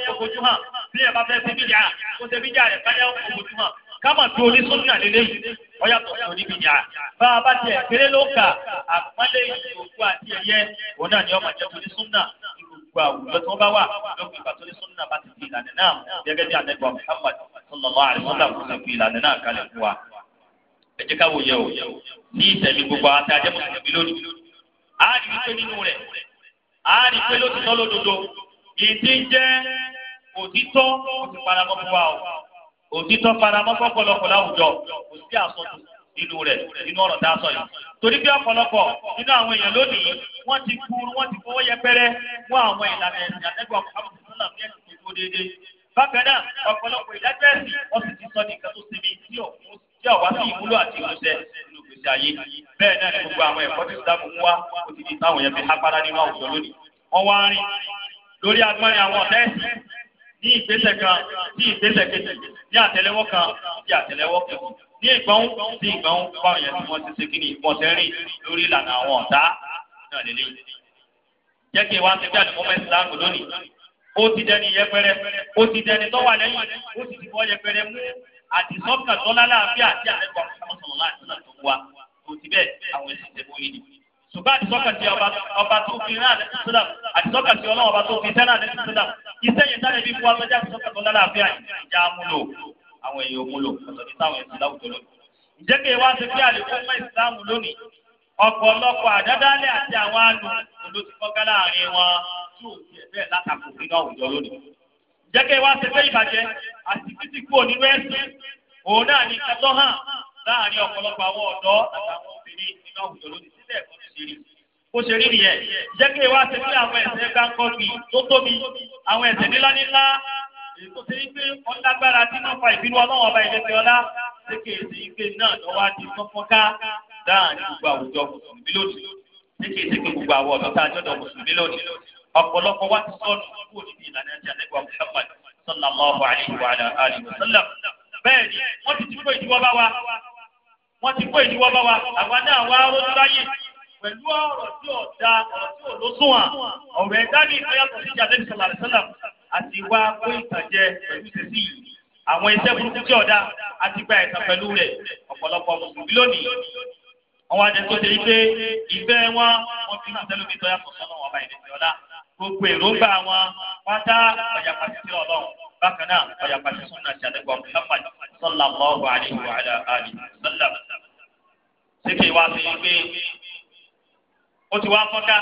hàn bí ẹ̀ bá fẹ́ ṣe bíjà kó ṣe bíjà rẹ̀ káyà ó hàn Kama tó ní sunna lélẹ́ yìí ọ̀yàtọ̀ tó níbi yà bá a bá tiẹ̀ kéré ló kà àpọ́nlé ìṣòkú àti ẹ̀yẹ òun náà ni ọmọ jẹ́ tó ní sunna gbogbo àwùjọ tí wọ́n bá wà lókè ìgbà tó ní sunna bá ti fi ìlànà náà gẹ́gẹ́ bí anẹ́gbọ́ Muhammad sallallahu alaihi wasallam kò fi ìlànà náà kalẹ̀ fún wa. ẹ jẹ́ káwọ yẹ o ní ìtẹ̀mí gbogbo àti ajẹ́ mùsùlùmí lónìí a rí i pé nínú rẹ̀ a rí i pé lótìtọ́ lódodo ìdí jẹ́ òtítọ́ òtítọ́ faramọ́ fọ́pọ̀lọpọ̀ láwùjọ kò sí àsọtù nínú rẹ̀ nínú ọ̀rọ̀ tá a sọ yìí. torí bí ọ̀pọ̀lọpọ̀ nínú àwọn èèyàn lónìí wọ́n ti kúrú wọ́n ti fowó yẹpẹrẹ mú àwọn ìlànà ẹ̀sìn àtẹ́gbọ̀ àbùsùnlá bí ẹ̀sìn tó dúró déédéé. bákan náà ọ̀pọ̀lọpọ̀ ìdájọ́ ẹ̀sìn wọ́n sì ti sọ ní nǹkan tó ṣe mí tí ọ̀wá sí ìmúlò àti ìmúṣẹ nínú ìgbésí ayé. bẹ́ẹ̀ náà ni gbogbo àwọn ẹ̀kọ́ ti sábà mú wá ó ti di táwọn yẹn fi hápára nínú àwùjọ lónìí. wọ́n wá rìn lórí agbárin àwọn ọ̀tá ẹ̀sìn ní ìgbésẹ̀ kan ní ìgbésẹ̀ kejì ní àtẹlẹwọ́ kan ní àtẹlẹwọ́ kejì ní ìgbọ̀n sí ìgbọ̀n báwọn yẹn tí wọ́n ti ṣe kí ni ìbọn sẹ́rìn lórí ìlànà àwọn ọ̀tá náà lélẹ́yìn. jẹ́ kí wàá ṣe bí àdìmọ́mẹ́ ìsìláàmù lónìí ó ti dẹni yẹpẹrẹ ó ti dẹni tó wà lẹ́yìn ó ti dìbò yẹpẹrẹ mú àdìsọ́kà tọ́lá láàbíà àti àdìsọ́kà tó wà tó ti bẹ́ẹ̀ àwọn èsì tẹ̀ ṣùgbọ́n àdìsọ́kà ti ọba tó fi rán àdìsọ́ sílẹ̀ àdìsọ́kà ti ọlọ́wọ́ ọba tó fi sẹ́nà àdìsọ́ sílẹ̀ iṣẹ́ yẹn sáré bí fún wa lọ́jà àdìsọ́kà tó lálàáfíà ìjà amúlò àwọn èèyàn òmúlò ọ̀sọ̀ ní táwọn ẹ̀sìn láwùjọ lónìí. ǹjẹ́ kí wá ṣe pé àlékún mọ́ ìsìláàmù lónìí ọ̀pọ̀lọpọ̀ àdádálẹ̀ àti àwọn àlù olóṣìfọ́gá láàrin wọn tí ò tiẹ̀ bẹ́ẹ̀ látàkù nínú àwùjọ lónìí. ǹjẹ́ kí wá ṣe pé ìbàjẹ́ àti títí kúrò nínú ẹ̀sìn òun náà ní kẹtọ́ hàn láàrin ọ̀pọ̀lọpọ̀ àwọn ọ̀dọ́ àtàwọn obìnrin nínú àwùjọ lónìí sílẹ̀ kó ti ṣe rí kó ṣe rí nìyẹn jẹ́ kí ewa ṣe pé àwọn ẹ̀ṣẹ̀ gbáǹkọ́bì tó tóbi àwọn ẹ̀ṣẹ̀ nílánílá èyí tó ṣe wípé ọlágbára tí máa fa ìbínú ọlọ́wọ́n ọba ilé ti ọlá ṣé kì í ṣe wípé náà lọ́wọ́ di fọ́nfọ́n ká láàrin gbogbo àwùjọ mùsùlùmí lónìí ṣé kì í ṣe pé gbogbo àwọn ọ̀dọ́ tá a jọ́dọ̀ mùsùlùmí lónìí ọ̀pọ̀lọpọ̀ wá ti sọnù kúrò níbi ìlànà ti àlẹ́gbà Muhammad sallallahu alayhi wa alihi wa sallam bẹ́ẹ̀ ni wọ́n ti ti kó ìdíwọ́ bá wa wọ́n ti kó ìdíwọ́ bá wa àwa náà wá rójú láyè pẹ̀lú ọ̀rọ̀ tí ò da ọ̀rọ̀ tí ò ló sunwọ̀n ọ̀rọ̀ ẹ̀dá ní ìfọyàtọ̀ sí ìjà lẹ́nu sọ̀lá àlẹ́sọ́là àti wá kó ìtàjẹ pẹ̀lú ìṣesí yìí àwọn iṣẹ́ burúkú tí ọ̀dà àti gba ẹ̀san pẹ̀lú rẹ̀ ọ̀pọ̀lọpọ̀ mùsùlùmí lónìí àwọn àjẹ tó ṣe yí pé ìfẹ́ wọn wọn fi máa tẹ́lómi tó yàtọ̀ sọ́nà wọn báyìí lẹ́sẹ̀ ọ̀la gbogbo èròǹgbà wọn pátá ọ̀yà pàṣẹ ọlọ́run bákan náà ọ̀yà pàṣẹ sọ́nà àti àdẹ́gbọ̀n Muhammad sallallahu alaihi wa ala alihi wa ṣé kí wá sí pé ó ti wá fọ́nká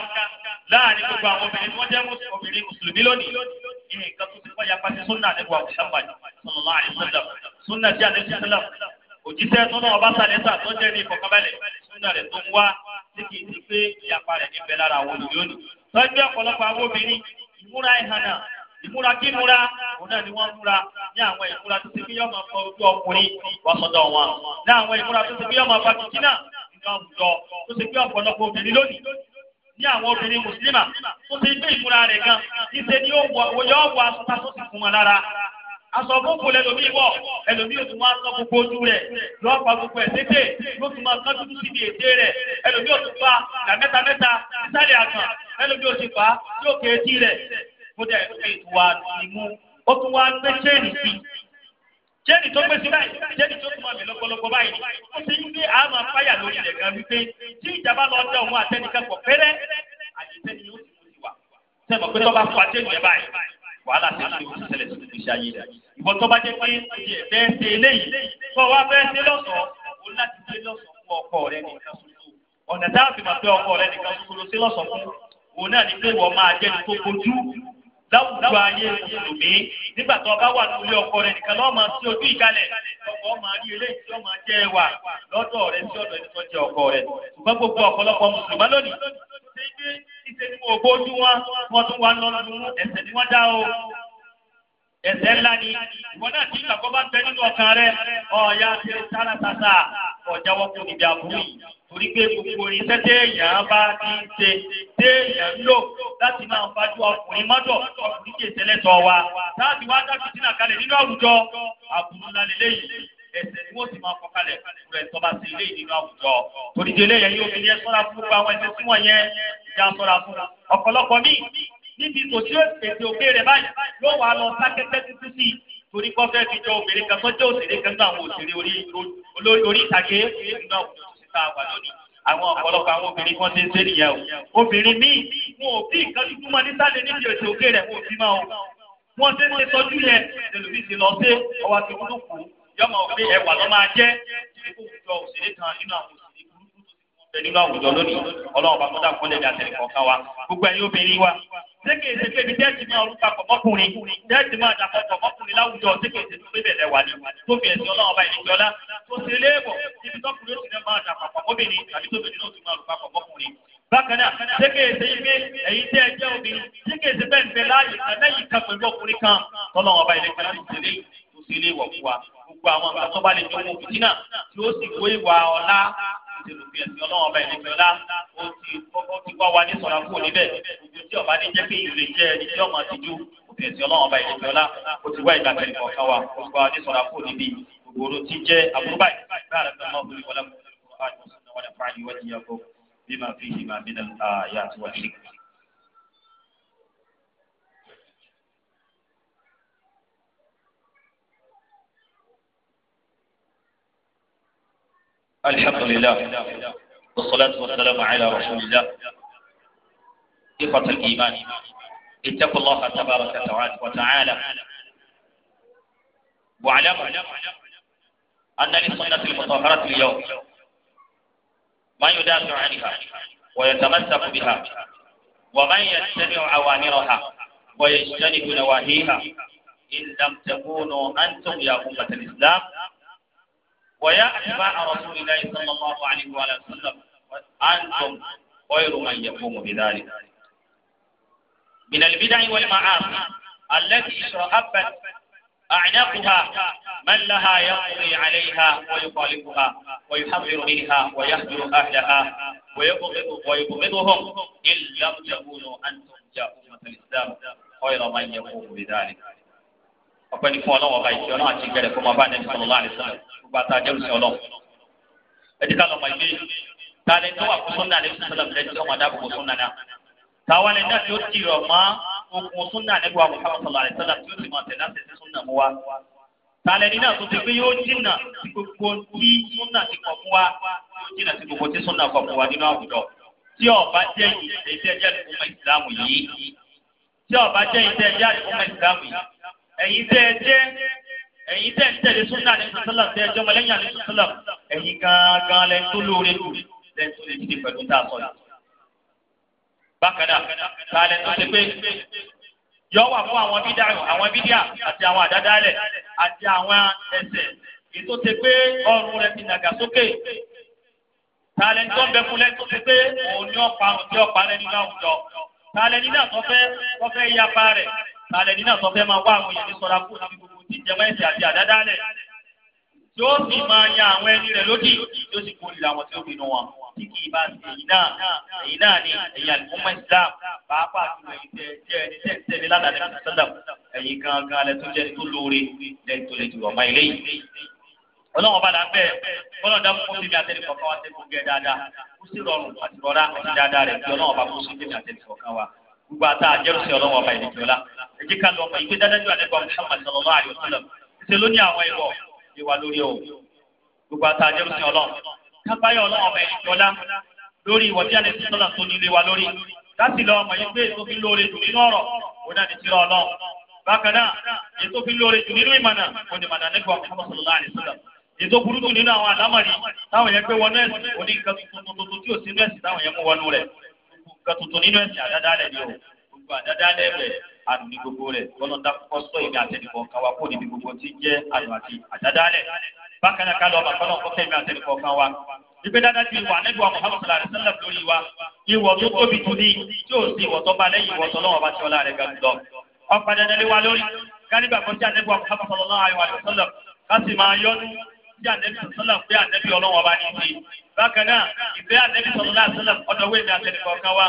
láàrin gbogbo àwọn obìnrin tí wọ́n jẹ́ obìnrin mùsùlùmí lónìí ní nǹkan tó ti wáyà pàṣẹ súnà àdébò àbùsàmbàd sọlọ́lá àdébòsàmbàd súnà sí àdébòsàmbàd òjíṣẹ́ tó náà ọba sàlẹ́sà tó jẹ́ ní ìfọ̀kànbalẹ̀ súnà rẹ̀ tó ń wá tí kì ti pé ìyapa rẹ̀ níbẹ̀ lára àwọn olùyọ́nù. tọ́jú ọ̀pọ̀lọpọ̀ àwọn obìnrin ìmúra ìhànà ìmúra kí múra òun náà ni wọ́n múra ní àwọn ìmúra tó ti fi yọmọ fọ ojú ọkùnrin wọ́n sọ́dọ̀ wọn ní àwọn ìmúra tó ti fi yọmọ fọ kìkínà nǹkan àwùjọ tó ti fi ọ̀pọ̀lọpọ̀ obìnrin lónìí ní àwọn obìnrin mùsùlùmá tó ti gbé ìmúra rẹ̀ gan níṣẹ́ ni yóò wọ aṣọ tá a tó ti fún wọn lára aṣọ gbogbo lẹlòmí wọ ẹlòmí yóò tún wá sọ gbogbo ojú rẹ yóò pa gbogbo ẹ tètè tún máa kán dúdú síbi ètè rẹ ẹlòmí yóò tún fa ìdá mẹ́ta mẹ́ta sísàlẹ̀ àgbọn ẹlòmí yóò ti fà á yóò kéétì rẹ kódà ìlú wa ti mú ó tún wá gbé chéènì sí chéènì tó gbé sí báyìí chéènì tó tún wà mí lọ́pọ̀lọpọ̀ báyìí ó ti ń gbé àmọ́ fáyà lórí rẹ̀ gan wípé tí ìjàmbá lọ dẹ òun àtẹnikẹ́kọ̀ọ́ pẹ́rẹ́ àtẹnikẹ́ni yóò ti mú ti wà sẹ́mi pé tó bá fa chéènì yẹn báyìí wàhálà ti ń lò sílẹ̀ sí ìgbésí ayé rẹ̀ ìbọn tó bá jẹ́ pé ti bẹ́ẹ̀ ṣe eléyìí tó wá bẹ́ẹ̀ ṣe lọ́sọ̀ọ́ o láti ṣe láwùjọ ayé mùsùlùmí nígbà tó o bá wà lórí ọkọ rẹ nìkan lọ́ọ́ máa sí ojú ìkálẹ̀ ọkọ̀ máa rí eléyìí tí ó máa jẹ́ ẹwà lọ́dọ̀ rẹ sí ọ̀dọ̀ ẹni tó jẹ́ ọkọ rẹ ṣùgbọ́n gbogbo ọ̀pọ̀lọpọ̀ mùsùlùmí lónìí ṣé gbé ìṣe ni mo bójú wọn wọn tún wà lọ́dún ẹ̀sẹ̀ ni wọ́n dá o ẹ̀ṣẹ̀ ńlá ni ìwọ náà ti gbàgbọ́ bá torí pé gbogbo iṣẹ́ téèyàn bá ti ń ṣe téèyàn ń lò láti máa ń fajú ọkùnrin mọ́tò ọkùnrin kì í tẹ́lẹ̀ tọ́ wa láti wá dá fìtínà kalẹ̀ nínú àwùjọ àbùrù ńlá lélẹ́yìí ẹsẹ̀ tí wọ́n sì máa kọ́ kalẹ̀ rẹ̀ tọ́ba sí ilé ìdílé àwùjọ. Òdìdí ilé yẹn yóò fi yẹ sọ́ra fún gbogbo àwọn ẹ̀sẹ̀ tí wọ́n yẹ ya sọ́ra fún. Ọ̀pọ̀lọpọ̀ míì níbi tòṣí ètò òkè rẹ̀ báyìí yóò wá lọ sákẹ́tẹ́ títí sí i torí kọ́ fẹ́ fi jọ obìnrin kan tó jẹ́ òṣèré kan náà àwọn òṣèré orí ìtàgé nínú àwùjọ tá a wà lónìí àwọn ọ̀pọ̀lọpọ̀ àwọn obìnrin kan ti ń ṣe nìyẹn o obìnrin míì wọn ò bí nǹkan tuntun mọ nísàlẹ̀ níbi òsè òkè rẹ̀ wọn ò bí máa o wọn ti ń ṣe tọ́jú yẹn lèlùbí ti lọ sí ọwọ́ àti olóko yọmọ pé ẹwà lọ́ máa jẹ́ ìdíkòwùjọ òṣèré kan nínú àwọn òṣèré burúkú tó ti fún ọ ṣé kìí ṣe pé ibi dẹ́ẹ̀tì máa orúkọ àpọ̀mọ́kùnrin dẹ́ẹ̀tì máa dàpọ̀ pọ̀mọ́kùnrin láwùjọ ṣé kìí ṣe tó bẹ̀bẹ̀ lẹ́wà ni tó fi ẹ̀sìn ọlọ́run ọba ìlú ọlá tó ṣe léèwọ̀ ibi tọkùnrin ó sì máa dàpọ̀ pọ̀mọ́bìnrin tàbí tóbìnrin náà sì máa orúkọ àpọ̀mọ́kùnrin. bákan náà ṣé kìí ṣe ibi ẹ̀yin tẹ́ ẹ jẹ́ obìnrin ṣé kìí ṣe bẹ́ẹ̀ bẹ́ẹ̀ láàyè kan lẹ́yìn kan pẹ̀lú ọkùnrin kan tọ́lọ́run ọba ìlú ọlá tó ṣe léèwọ̀ fún wa gbogbo àwọn àgbà tó bá lè jọ mọ òbí náà tí ó sì kó ìwà ọ̀la ti lò fi ẹ̀sìn ọlọ́run ọba ìlẹ̀kẹ́ ọlá ó ti kọ́kọ́ ti wá wa ní sọ̀rọ̀ kúrò níbẹ̀ ojú tí ọba ní jẹ́ kí ìlú jẹ́ ẹni tí ọmọ ti ju òfin ẹ̀sìn ọlọ́run ọba ìlẹ̀kẹ́ ọlá ó ti wá ìgbà tẹ̀lé kọ̀ọ̀kan wa ó ti wá ní sọ̀rọ̀ kúrò níbi gbogbo tí jẹ́ àbúrò báyìí báyìí báyìí bima fihi الحمد لله والصلاة والسلام على رسول الله صفة الإيمان اتقوا الله تبارك وتعالى واعلموا أن لسنة المطهرة اليوم ما يدافع عنها ويتمسك بها ومن يتبع أوامرها ويجتنب نواهيها إن لم تكونوا أنتم يا أمة الإسلام ويا أتباع رسول الله صلى الله عليه وآله وسلم أنتم خير من يقوم بذلك من البدع والمعاصي التي شربت أعناقها من لها يقضي عليها ويخالفها ويحذر منها ويهجر أهلها ويبغض ويبغضهم إن لم تكونوا أنتم يا أمة الإسلام خير من يقوم بذلك ọpẹ́ ní fún Ọlọ́run ọba ìṣẹ Ọlọ́run àti ìgbẹrẹ fún ọba nẹbi sọlọ láàrin sọlọ gbogbo ata jẹrù sí Ọlọ́run ẹtí ká lọmọ ìgbé tani tó wà fún sunna nẹbi sọlọ lẹni tó wọn dábò fún sunna náà táwa lẹni náà tí ó ti rọ mọ okùn sunna nẹbi wà fún sọlọ àti sọlọ tí ó ti máa tẹlẹ àti sunna mu wa tani ẹni náà tó ti pé yóò jìnnà tí gbogbo tí sunna ti kọ fún wa yóò jìnnà tí gbogbo tí sunna kọ fún wa nínú àwùjọ tí ọba jẹ ìṣẹjẹ ìfúnmọ ìsìlámù yìí tí ọba jẹ ìṣẹjẹ ìfúnmọ ìsìlámù yìí ẹ̀yin tẹ́ ẹ jẹ́ ẹ̀yin tẹ́ ẹ tẹ̀lé súnà ní sọ́sọ́lá tẹ́ ẹ jẹ́ ọmọlẹ́yìn àní sọ́sọ́lá ẹ̀yin gangan lẹ́nu tó lóore jù lẹ́nu lè dìde pẹ̀lú tá a sọ yìí. bákan náà ta lẹ́nu tó ṣe pé yọ wà fún àwọn bídà àwọn bídà àti àwọn àdádálẹ̀ àti àwọn ẹsẹ̀ ètò ti pé ọrùn rẹ̀ ti dàgbà sókè talẹni tó ń bẹ fúnlẹ tó ti pé òun ni ọ̀pá òun ti ọ̀pá rẹ nínú àwùjọ talẹni náà tó fẹ́ tó fẹ́ yapa rẹ̀ tààlẹ̀ nínú àtọ́fẹ́ máa wá àwọn èèyàn ní sọ́ra kó níbi gbogbo tí jẹmọ́ ẹ̀sìn àti àdádálẹ̀ tí ó sì máa yan àwọn ẹni rẹ̀ lódì tí ó sì kó lè àwọn tí ó bínú wọn tí kì í bá èyí náà èyí náà ni ẹ̀yà ìfúnmọ́ Islam pàápàá àti ẹ̀yìn tẹ jẹ́ ẹni tẹ̀ tẹ̀lé ládàá ní sọ́dà ẹ̀yìn gangan lẹ tó jẹ́ tó lóore lẹ tó lè jùlọ ọmọ ilé yìí. ọlọ́run bá bẹ́ẹ̀ bọ́lọ̀ dákú fún mi àtẹnì kọ̀ọ̀kan wa tẹ́kọ̀ọ́ gẹ́ dáadáa kó sì rọrùn àti rọra àti dáadáa rẹ̀ kí ọlọ́run bá kó sí mi àtẹnì kọ̀ọ̀kan wa gbogbo ata àjẹrùsí ọlọ́wọ́ ọba ìdíjọ́ la ẹjẹ́ ká lọ́mọ ìgbé dáadájú àdẹ́gbà Muhammad sallallahu alayhi wa sallam ṣe ló ní àwọn ìwọ̀ ní wa lórí o gbogbo ata àjẹrùsí ọlọ́wọ́ kábáyọ̀ ọlọ́wọ́ ọba ìdíjọ́ la lórí ìwọ̀ tí alẹ́ sọ́lá tó nílé wa lórí láti lọ ọmọ ìgbé ètò fi lóore jù nínú ọ̀rọ̀ òun náà ti tira ọlọ́ bákan náà ètò fi lóore jù nínú ìmọ̀nà òun ìmọ̀nà nígbà Muhammad sallallahu alayhi wa sallam ètò burúkú nínú àwọn àlámọ̀rí táwọn yẹn pé wọnú ẹ̀sìn oníkan tuntun tuntun tí ò sínú ẹ̀sìn táwọn yẹn mú wọnú rẹ̀ nǹkan tuntun nínú ẹ̀sìn àdádálẹ̀ ni o gbogbo àdádálẹ̀ rẹ̀ àrùn ní gbogbo rẹ̀ kọ́nà dákúkọ́ sọ èmi àtẹnìkọ̀ kan wa kó níbi gbogbo tí ń jẹ́ àrùn àti àdádálẹ̀ bákan náà ká lọ ọmọ kọ́nà kọ́kọ́ èmi àtẹnìkọ̀ kan wa ìgbé dáadáa ti wà níbi àwọn Muhammad sallallahu alaihi wasallam lórí wa ìwọ tó tóbi tó ní tí ò sí ìwọ tó bá lẹ́yìn ìwọ tọ́lọ́wọ́ bá ti ọlá rẹ̀ gàdú lọ. ọ̀pá dandan lé wa lórí ká nígbà kan tí àdébọ̀ Muhammad sallallahu alaihi wasallam ká sì máa yọ́nú tí ànẹ́bí sọ́lá pé ànẹ́bí ọlọ́wọ́ bá ní ṣe. bákan náà ìfẹ́ ànẹ́bí sọ̀rọ̀ láti sọ́lá ọ̀dọ̀ wé ní àtẹnìkọ̀ kan wá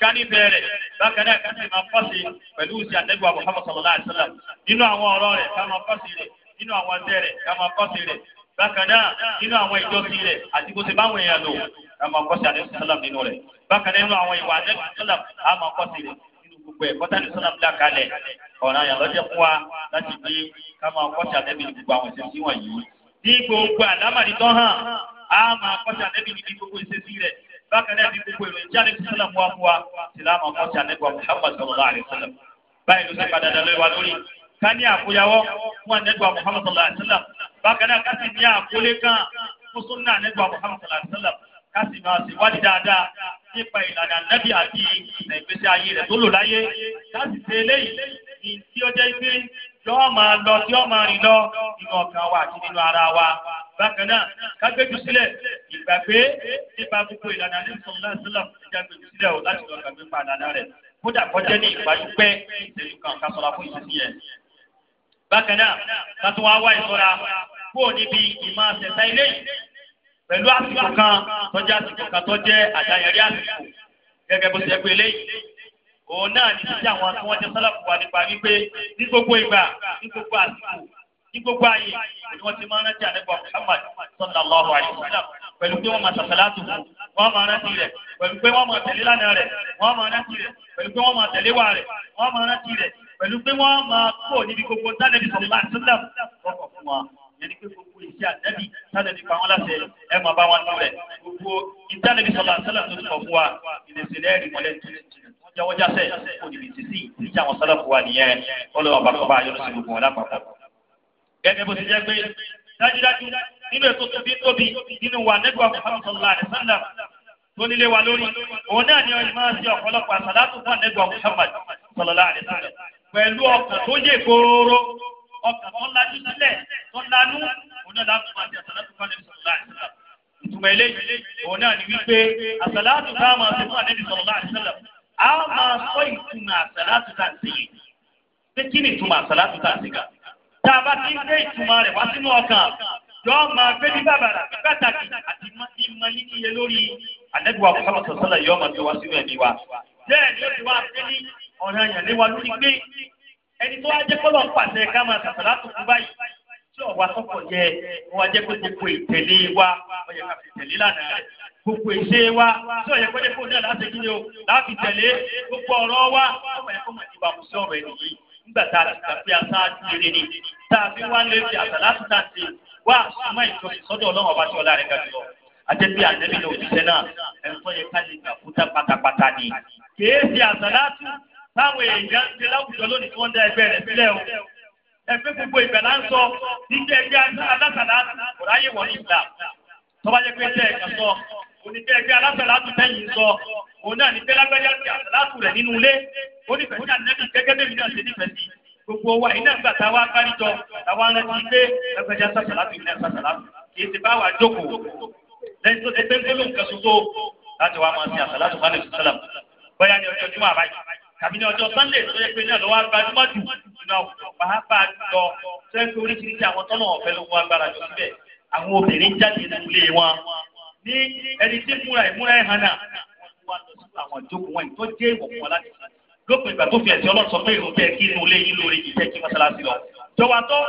ká ní bẹ̀rẹ̀ bákan náà ká sì máa fọ́sì pẹ̀lú ìṣe ànẹ́bí wa Muhammad sọ̀rọ̀ láti sọ́lá nínú àwọn ọ̀rọ̀ rẹ̀ ká máa fọ́sì rẹ̀ nínú àwọn ọ̀tẹ̀ rẹ̀ ká máa fọ́sì rẹ̀ bákan náà nínú àwọn ìjọsìn rẹ̀ àti bó ti báwọn èèyàn lò ká máa fọ́sì ànẹ́bí sọ̀rọ̀ nínú rẹ̀ bákan náà nínú àwọn ìwà ànẹ́bí sọ̀rọ̀ á máa fọ́sì rẹ̀ gbogbo ẹ̀ kọ́tà ní sọ́nà bílà kalẹ̀ ọ̀ràn àyàn lọ́jọ́ fún wa láti gbé ká máa kọ́ṣà lẹ́bi gbogbo àwọn ìṣesí wọ̀nyí ní gbogbo àdámàdì tó hàn á máa kọ́ṣà nẹ́bí níbi gbogbo ìṣesí rẹ̀ bákan náà ní gbogbo ìròyìn jáde tó sọ́lá fún wa fún wa kọ́ṣà nẹ́bí Muhammad sallallahu alaihi wasallam báyìí ló ṣe padà dà lórí wa lórí ká ní àkóyawọ́ fún nẹ́bí Muhammad sallallahu alaihi wasallam bákan náà ká sì ní àkólé kan fún sunna nẹ́bí Muhammad sallallahu alaihi wasallam ká sì máa ṣèwádìí dáadáa nípa ìlànà nẹ́bí àti ìgbésí ayé rẹ̀ tó lò láyé láti ṣe eléyìí tí ó jẹ́ pé yọ́ọ́ máa lọ tí ó máa rìn lọ nínú ọkàn wa àti nínú ara wa. bákan náà kágbéjú sílẹ̀ ìgbàgbé nípa gbogbo ìlànà ní sọ̀rọ̀ láti sílẹ̀ ìjàgbéjú sílẹ̀ o láti lọ gbàgbé pa àdàdà rẹ̀ kódà kọjá ní ìgbàjú pẹ́ ìṣèlú kan ká sọ̀rọ̀ fún ìṣẹ́sí yẹn. bákan náà ká tún wá wá ìṣọ́ra kúrò níbi ìmọ̀ àṣẹ̀ṣẹ̀ pẹ̀lú àsìkò kan tọ́jú àsìkò kan tó jẹ́ àdáyẹ̀rí àsìkò gẹ́gẹ́ bó ṣe pé léyìí òun náà ní títí àwọn tí wọ́n jẹ́ sálàkù wà nípa wípé ní gbogbo ìgbà ní gbogbo àsìkò ní gbogbo ayé ni wọ́n ti máa ń rántí àdébọ̀ Muhammad sallallahu alayhi wa pẹ̀lú pé wọ́n máa sàṣàlátù wọ́n máa rántí rẹ̀ pẹ̀lú pé wọ́n máa tẹ̀lé lánàá rẹ̀ wọ́n máa rántí rẹ̀ pẹ̀lú pé wọ́n máa tẹ̀lé wà rẹ̀ wọ́n máa rántí rẹ̀ pẹ̀lú pé wọ́n máa kó níbi gbogbo sálẹ̀ bí sọ̀rọ̀ láti sọ́dọ̀ yẹni pé gbogbo iṣẹ́ ànábì sálẹ̀bí pa wọ́n láṣẹ ẹ̀ máa bá wọn lò rẹ̀ gbogbo ìtànẹ́bí sọ̀lá sálẹ̀ tó ti kọ̀ fún wa ìdèsè náà rí mọ́lẹ̀ jọ̀wọ́ jáfẹ́ òdìbí sísì níjà àwọn sálẹ̀kù wa nìyẹn ọlọ́wọ́ bá kọ́ bá yọrọ sí gbogbo wọn lápapọ̀. gẹ́gẹ́ bó ti jẹ́ pé dájúdájú nínú ètò tóbi tóbi nínú wa nẹ́gbà mùsàlùmá àdìsánlá tó nílé wa lórí òun náà ni ọ̀yìn máa ń ṣe ọ̀pọ̀lọpọ̀ àṣàlá tó fún nẹ́gbà mùsàlùmá pẹ̀lú ọkàn tó yẹ kóró ọkàn tó lajú sílẹ̀ tó lanú òun náà láti máa di àsàlátù fún àdébí sọ̀rọ̀ láti sílẹ̀. ìtumọ̀ eléyìí òun náà ni wípé àsàlátù tá a máa ṣe fún àdébí sọ̀rọ̀ láti sílẹ̀ a máa sọ ìtumọ̀ àsàlátù tá a ṣe yìí pé kí ni ìtumọ̀ àsàlátù tá a ṣe kà tá a bá ti ń gbé ìtumọ̀ rẹ̀ wá sínú ọkàn yóò máa gbé ní bàbàrà pàtàkì àti ìmọ̀ ẹni tó wá jẹ́ kọ́lọ̀ ń pàṣẹ ká máa sàtọ̀ látòkú báyìí tí ọ̀wá sọ́kọ̀ jẹ wọn wá jẹ́ pé gbogbo ìtẹ̀lé wa wọ́n yẹ ká fi tẹ̀lé lánàá rẹ̀ gbogbo ìṣe wa tí ọ̀yẹ́ pé kó náà láti kí ni o láti tẹ̀lé gbogbo ọ̀rọ̀ wa ọmọ ẹ̀kọ́ mọ̀ ìbámu sí ọ̀rọ̀ ẹ̀nì yìí nígbà tá a ti gbà pé aṣáájú rere ni tá a fi wá lé fi àṣà láti tà sí wá àṣùmọ̀ ìjọsìn sọ́dọ̀ ọlọ́run ọba tí ọlá rẹ̀ ga jùlọ àjẹbí àtẹ́bí ni òṣìṣẹ́ náà ẹ̀ táwọn èèyàn ń ṣe láwùjọ lónìí tí wọ́n dá ẹgbẹ́ rẹ̀ sílẹ̀ o ẹgbẹ́ gbogbo ìgbẹ́ là ń sọ níjẹ́ ẹgbẹ́ alásàlá kò ráyè wọ̀ ní ìgbà tọ́ba jẹ́ pé tẹ́ ẹ̀ka sọ oníṣẹ́ ẹgbẹ́ alásàlá tún tẹ́yìn sọ òun náà ní pé lágbájá ti àsàlátù rẹ̀ nínú ilé ó nífẹ̀ẹ́ sí ànẹ́bí gẹ́gẹ́ bẹ́ẹ̀ náà ṣe nífẹ̀ẹ́ sí gbogbo wa iná gbà táwa káríjọ táwa rántí pé lágbájá sàsàlátù ilé sàsàlátù kì í ti bá wa jókòó lẹ́yìn tó ti gbẹ́ngbẹ́ lóǹkà ṣoṣo láti wá máa ṣe àsàlátù bá lè sọ́sàlám bóyá ni ọjọ́ jùmọ̀ àbáyé tàbí ní ọjọ́ sunday tó yẹ pé náà lọ́wọ́ agbájúmọ́ jù nínú àwùjọ pàápàá lọ tó yẹ pé oríṣiríṣi àwọn tọ́nà ọ̀fẹ́ ló wọ agbára jù síbẹ̀ àwọn obìnrin jáde nínú ilé wọn ní ẹni tí múra ìmúra ẹ̀ hànà wọn wá lọ sí àwọn ìjókòó wọn tó jẹ́ ìwọ̀n wọn láti lópin ìgbà tó fi ẹ̀sìn ọlọ́sọ pé ìrùn bẹ́ẹ̀ kí inú ilé yìí lórí ìjẹ́ kí mọ́sálásí lọ. jọ̀wọ́ àtọ́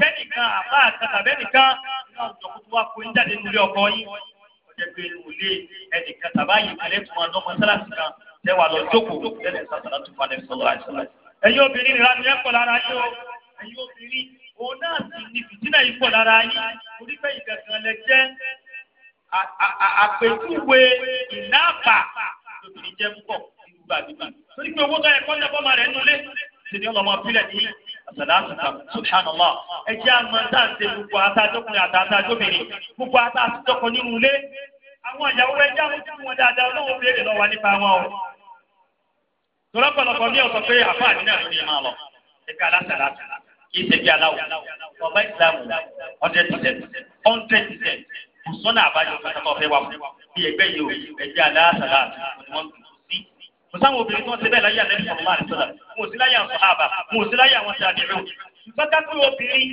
kẹ́nìkan àbá àkàtà bẹ́nìkan náà jọ kó tó wá kó ń jáde nílé ọkọ yín. ọjọ́ pé inú ilé ẹnìkan tàbá yìí alẹ́ tó máa dán mọ́sálásí kan ẹ wà lọ jókòó lẹ́nu ìsàtàlá tó falẹ̀ sọ̀rọ̀ àìsàn. ẹ̀yin obìnrin nira ni ẹ pọ̀ lára yín o ẹ̀yin obìnrin òun náà sì ni fìtínà yìí pọ̀ lára yín orí fẹ́ ìgbẹ̀sán lẹ jẹ́ àpèjúwe ìnáàbà lóbìnrin jẹ́ pọ̀ nígbà nígbà torí pé owó tó yẹ kọ́ńtà bọ́mà rẹ̀ nulẹ̀ sì ni ọlọ́mọ pílẹ̀ ní àsàlásùkà subhanallah ẹ jẹ́ àmọ́ tá à ń ṣe gbogbo àtàjọkùnrin àtàjọbìnrin gbogbo àtàjọkọ nínú ilé àwọn ìyàwó ẹjẹ́ àwọn tí wọ́n dáadáa ọlọ́run béèrè lọ́wọ́ nípa wọn o tọ́lọ́pọ̀lọpọ̀ ní ọ̀sán pé àfáàní náà ló ní máa lọ ẹbí alásàlá kì í ṣe bí aláwọ̀ ọba ìsìlámù hundred percent hundred percent kò sọ́nà àbáyọ kọ́sọ́mọ́ fẹ́ wà fún bí ẹgbẹ́ yìí o ẹbí alásàlá wọn tù sí. kò sáwọn obìnrin tí wọ́n ṣe bẹ́ẹ̀ láyé àlẹ́ nìkan máa tọ́lá mo sì láyé àwọn sàhábà mo sì láyé àwọn sàdìrò. bàtà pé obìnrin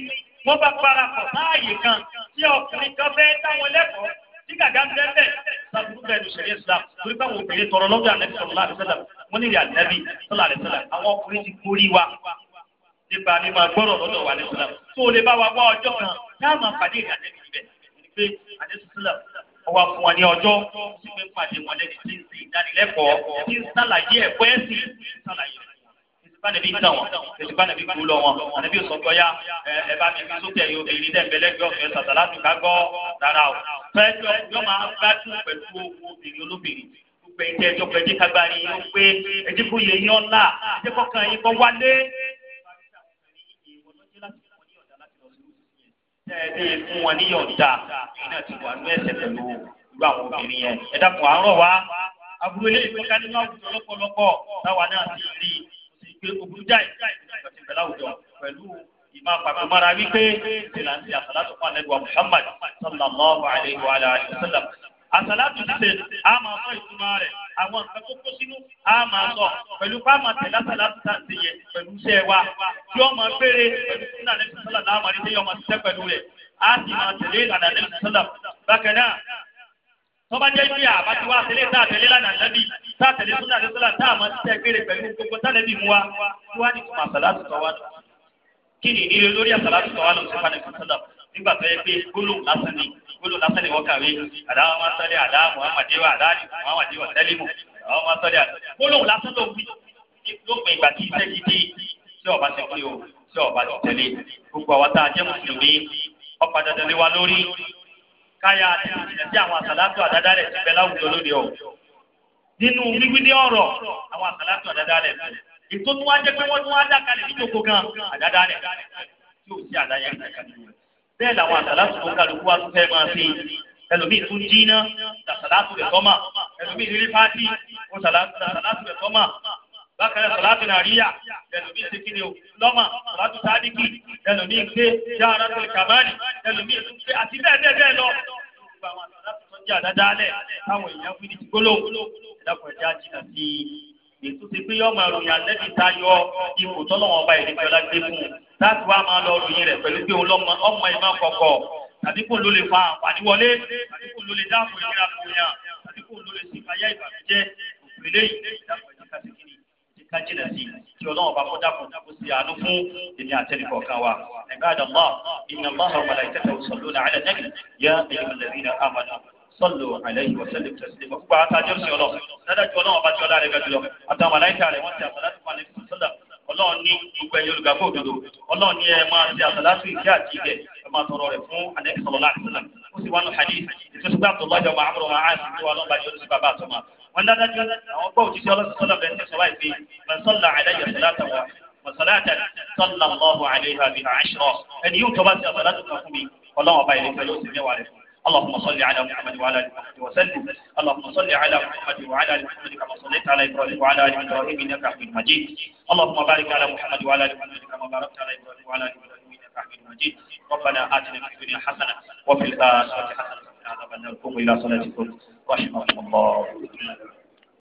wọ́n bá parapọ̀ láàyè kan tí ọkùnrin kan fẹ́ táwọn lẹ́kọ̀ọ́ tí gàgà ń bẹ́ẹ̀ sábúrú bẹ́ẹ̀ ló ṣẹlẹ̀ islam torí báwo obìnrin tọrọ lọ́dọ̀ ànábì sallallahu alaihi wasallam wọ́n ní ìyá ànábì sallallahu alaihi wasallam àwọn ọkùnrin ti kórí wa nípa mi máa gbọ́rọ̀ lọ́dọ̀ wa ànábì sallam tó o lè bá wa wá ọjọ́ kan náà máa pàdé ìyá ànábì níbẹ̀ pé ànábì sallam ọwọ́ fún wa ní ọjọ́ tí wọ́n pàdé wọn lẹ́ni tí ń ṣe ìdánilẹ́kọ̀ọ́ tí ń ẹ̀kọ́ ẹ̀sìn ṣàlàyé bánàbí tàn wọn tètè bánàbí kú lọ wọn ànàbí ò sọ pé ọyá ẹ bá mi fi sókè yóò fi ilé ẹgbẹ lẹgbẹ ọfẹ sàtàlátù ká gbọ dára o fẹjọ ẹjọ máa gbádùn pẹ̀lú owó obìnrin olóbìnrin gbogbo ẹjẹ ẹjọ pẹjẹ kagbari yóò pé ẹjẹ kó yẹ yán ńlá ẹjẹ kọkàn yín kọ wálé. tẹ́ẹ̀dé fún wọn ní yọ̀ǹda iná ti wà ní ẹsẹ̀ pẹ̀lú irú àwọn obìnrin yẹn ẹ dákun àárọ̀ wa aburú ilé ìfọ̀kánimọ̀ àwùjọ lọ́pọ̀lọpọ̀ táwa náà ti rí i pé òbúrú jáì ìgbàtí bẹ̀rẹ̀ àwùjọ pẹ̀lú ìmọ̀ àpapọ̀ mara wípé ìlànà àsàlátù fún alẹ́ wa Muhammad sallallahu alayhi wa alayhi wa sallam àsàlátù ṣíṣe a máa sọ ìtumọ̀ rẹ̀ àwọn nǹkan tó kó sínú a máa sọ pẹ̀lú fáàmà tẹ̀lé àsàlátù tá à ń ṣe yẹ pẹ̀lú iṣẹ́ wa tí ó máa béèrè pẹ̀lú sínú àlẹ́ sọ́lá náà máa rí pé yọ máa ṣiṣẹ́ pẹ̀lú rẹ̀ a sì máa tẹ̀lé ìlànà tó bá jẹ́ pé àbájú wa tẹ̀lé tá a tẹ̀lé lánàá lẹ́bí tá a tẹ̀lé súnà lẹ́sọ̀lá tá a máa ń tẹ̀ gbére pẹ̀lú gbogbo tálẹ́bí mu wa tí wàá ní kùmà sàlátù tọ́wá nù. kí ni ìdílé lórí àsàlátù tọ́wá nù sọ́kànnì fún sọ́dà nígbà tó yẹ pé gbólóhùn lásán ni gbólóhùn lásán ni wọ́n kàwé àdáwọn máa ń sọ́lé àdá muhammadewa àdáni muhammadewa tẹ́límù àwọn máa ń sọ́lé àdá gbólóhùn lásán ló wí lópin ìgbà tí iṣẹ́ gidi tí ọba ti pé o tí ọba ti tẹ̀lé gbogbo àwọn tá a jẹ́ mùsùlùmí ọ̀padà tẹ̀lé wa lórí káyà àti ìjìnlẹ̀ sí àwọn àsàlátù àdáda rẹ̀ ti bẹ láwùjọ lónìí ọ̀. nínú wíwí ní ọ̀rọ̀ àwọn àsàlátù àdáda rẹ̀ ètò tí wọ́n jẹ́ pé wọ́n tún wá dákalẹ̀ níjòkó gan àdáda rẹ̀ tí ò sí àdáyà bẹ́ẹ̀ làwọn àsàlátù tó kálukú wa tún fẹ́ máa ṣe ẹlòmíì tún jí iná tàsàlátù rẹ̀ tọ́mà ẹlòmíì rírí pátì ó tàsàlátù rẹ̀ tọ́mà bákan náà sọ̀látù nàríyà ẹlòmíì ti kíni o lọ́mà sọ̀látù sádìkì ẹlòmíì pé yàrá tó kàmáàlì ẹlòmíì tún pé àti bẹ́ẹ̀ bẹ́ẹ̀ bẹ́ẹ̀ lọ. gbogbo àwọn sọ̀látù tó ń jà dáadáa lẹ̀ táwọn èèyàn fi ní ti gbólóhùn ẹ̀dàkùn ẹ̀dá jìnnà sí i. ètò ti pé yọ́ọ̀mà ròyìn àlẹ́bí tayọ ipò tọ́lọ́wọ́n ọba ìrìnkẹ́ ọlá gbé fún un láti wá máa lọ ròyìn rẹ̀ pẹ̀lú pé ọmọ ìmọ̀ kọ̀ọ̀kọ̀ tàbí kò ló lè fa àǹfààní wọlé tàbí kò ló lè dáàbò ìlera fún yàn tàbí kò ló lè ṣèkáyà ìbànújẹ́ òpèlè yìí dáàbò ìjọba ti ká jìnà sí kí ọlọ́run bá kó dákun dákun sí àánú fún èmi àtẹnìkọ̀ kan wa. ibadallah inna Allaha wa malaikatahu yusalluna ala nabi ya ayyuhalladhina amanu sọlọ àlẹyìn wọsẹlẹ tẹsílẹ gbogbo àtàjọ sí ọlọ dáadáa ju ọlọ́run ọba tí ọlá rẹ àtàwọn àlàyé kárẹ wọn ti àtàlà tó ọlọ́run ní gbogbo ẹ̀yẹ olùgbàgbọ́ òdodo ọlọ́run ní ẹ máa ṣe àtàlásù ìṣe àti ilẹ̀ ẹ máa tọrọ rẹ̀ fún anẹ́bí sọ̀rọ̀ láti sílẹ̀ ó sì wá ní hadith ìtòsígbà tó lọ́jọ́ máa àmúrò máa àìsàn tó wà lọ́ba yóò sí bàbá àtọ́mà wọn dájú àwọn gbọ́ òjíṣẹ́ ọlọ́sìn sọ́lá bẹ̀rẹ̀ ní sọ́lá ìgbé mẹ́sọ́lá àdáyẹ̀ sọ́lá tàwọn اللهم صل على محمد وعلى ال محمد وسلم اللهم صل على محمد وعلى ال محمد كما صليت على ابراهيم وعلى ال ابراهيم انك حميد مجيد اللهم بارك على محمد وعلى ال محمد كما باركت على ابراهيم وعلى ال ابراهيم انك حميد مجيد ربنا اتنا في الدنيا حسنه وفي الاخره حسنه وقنا عذاب النار قوموا الى صلاتكم رحمكم الله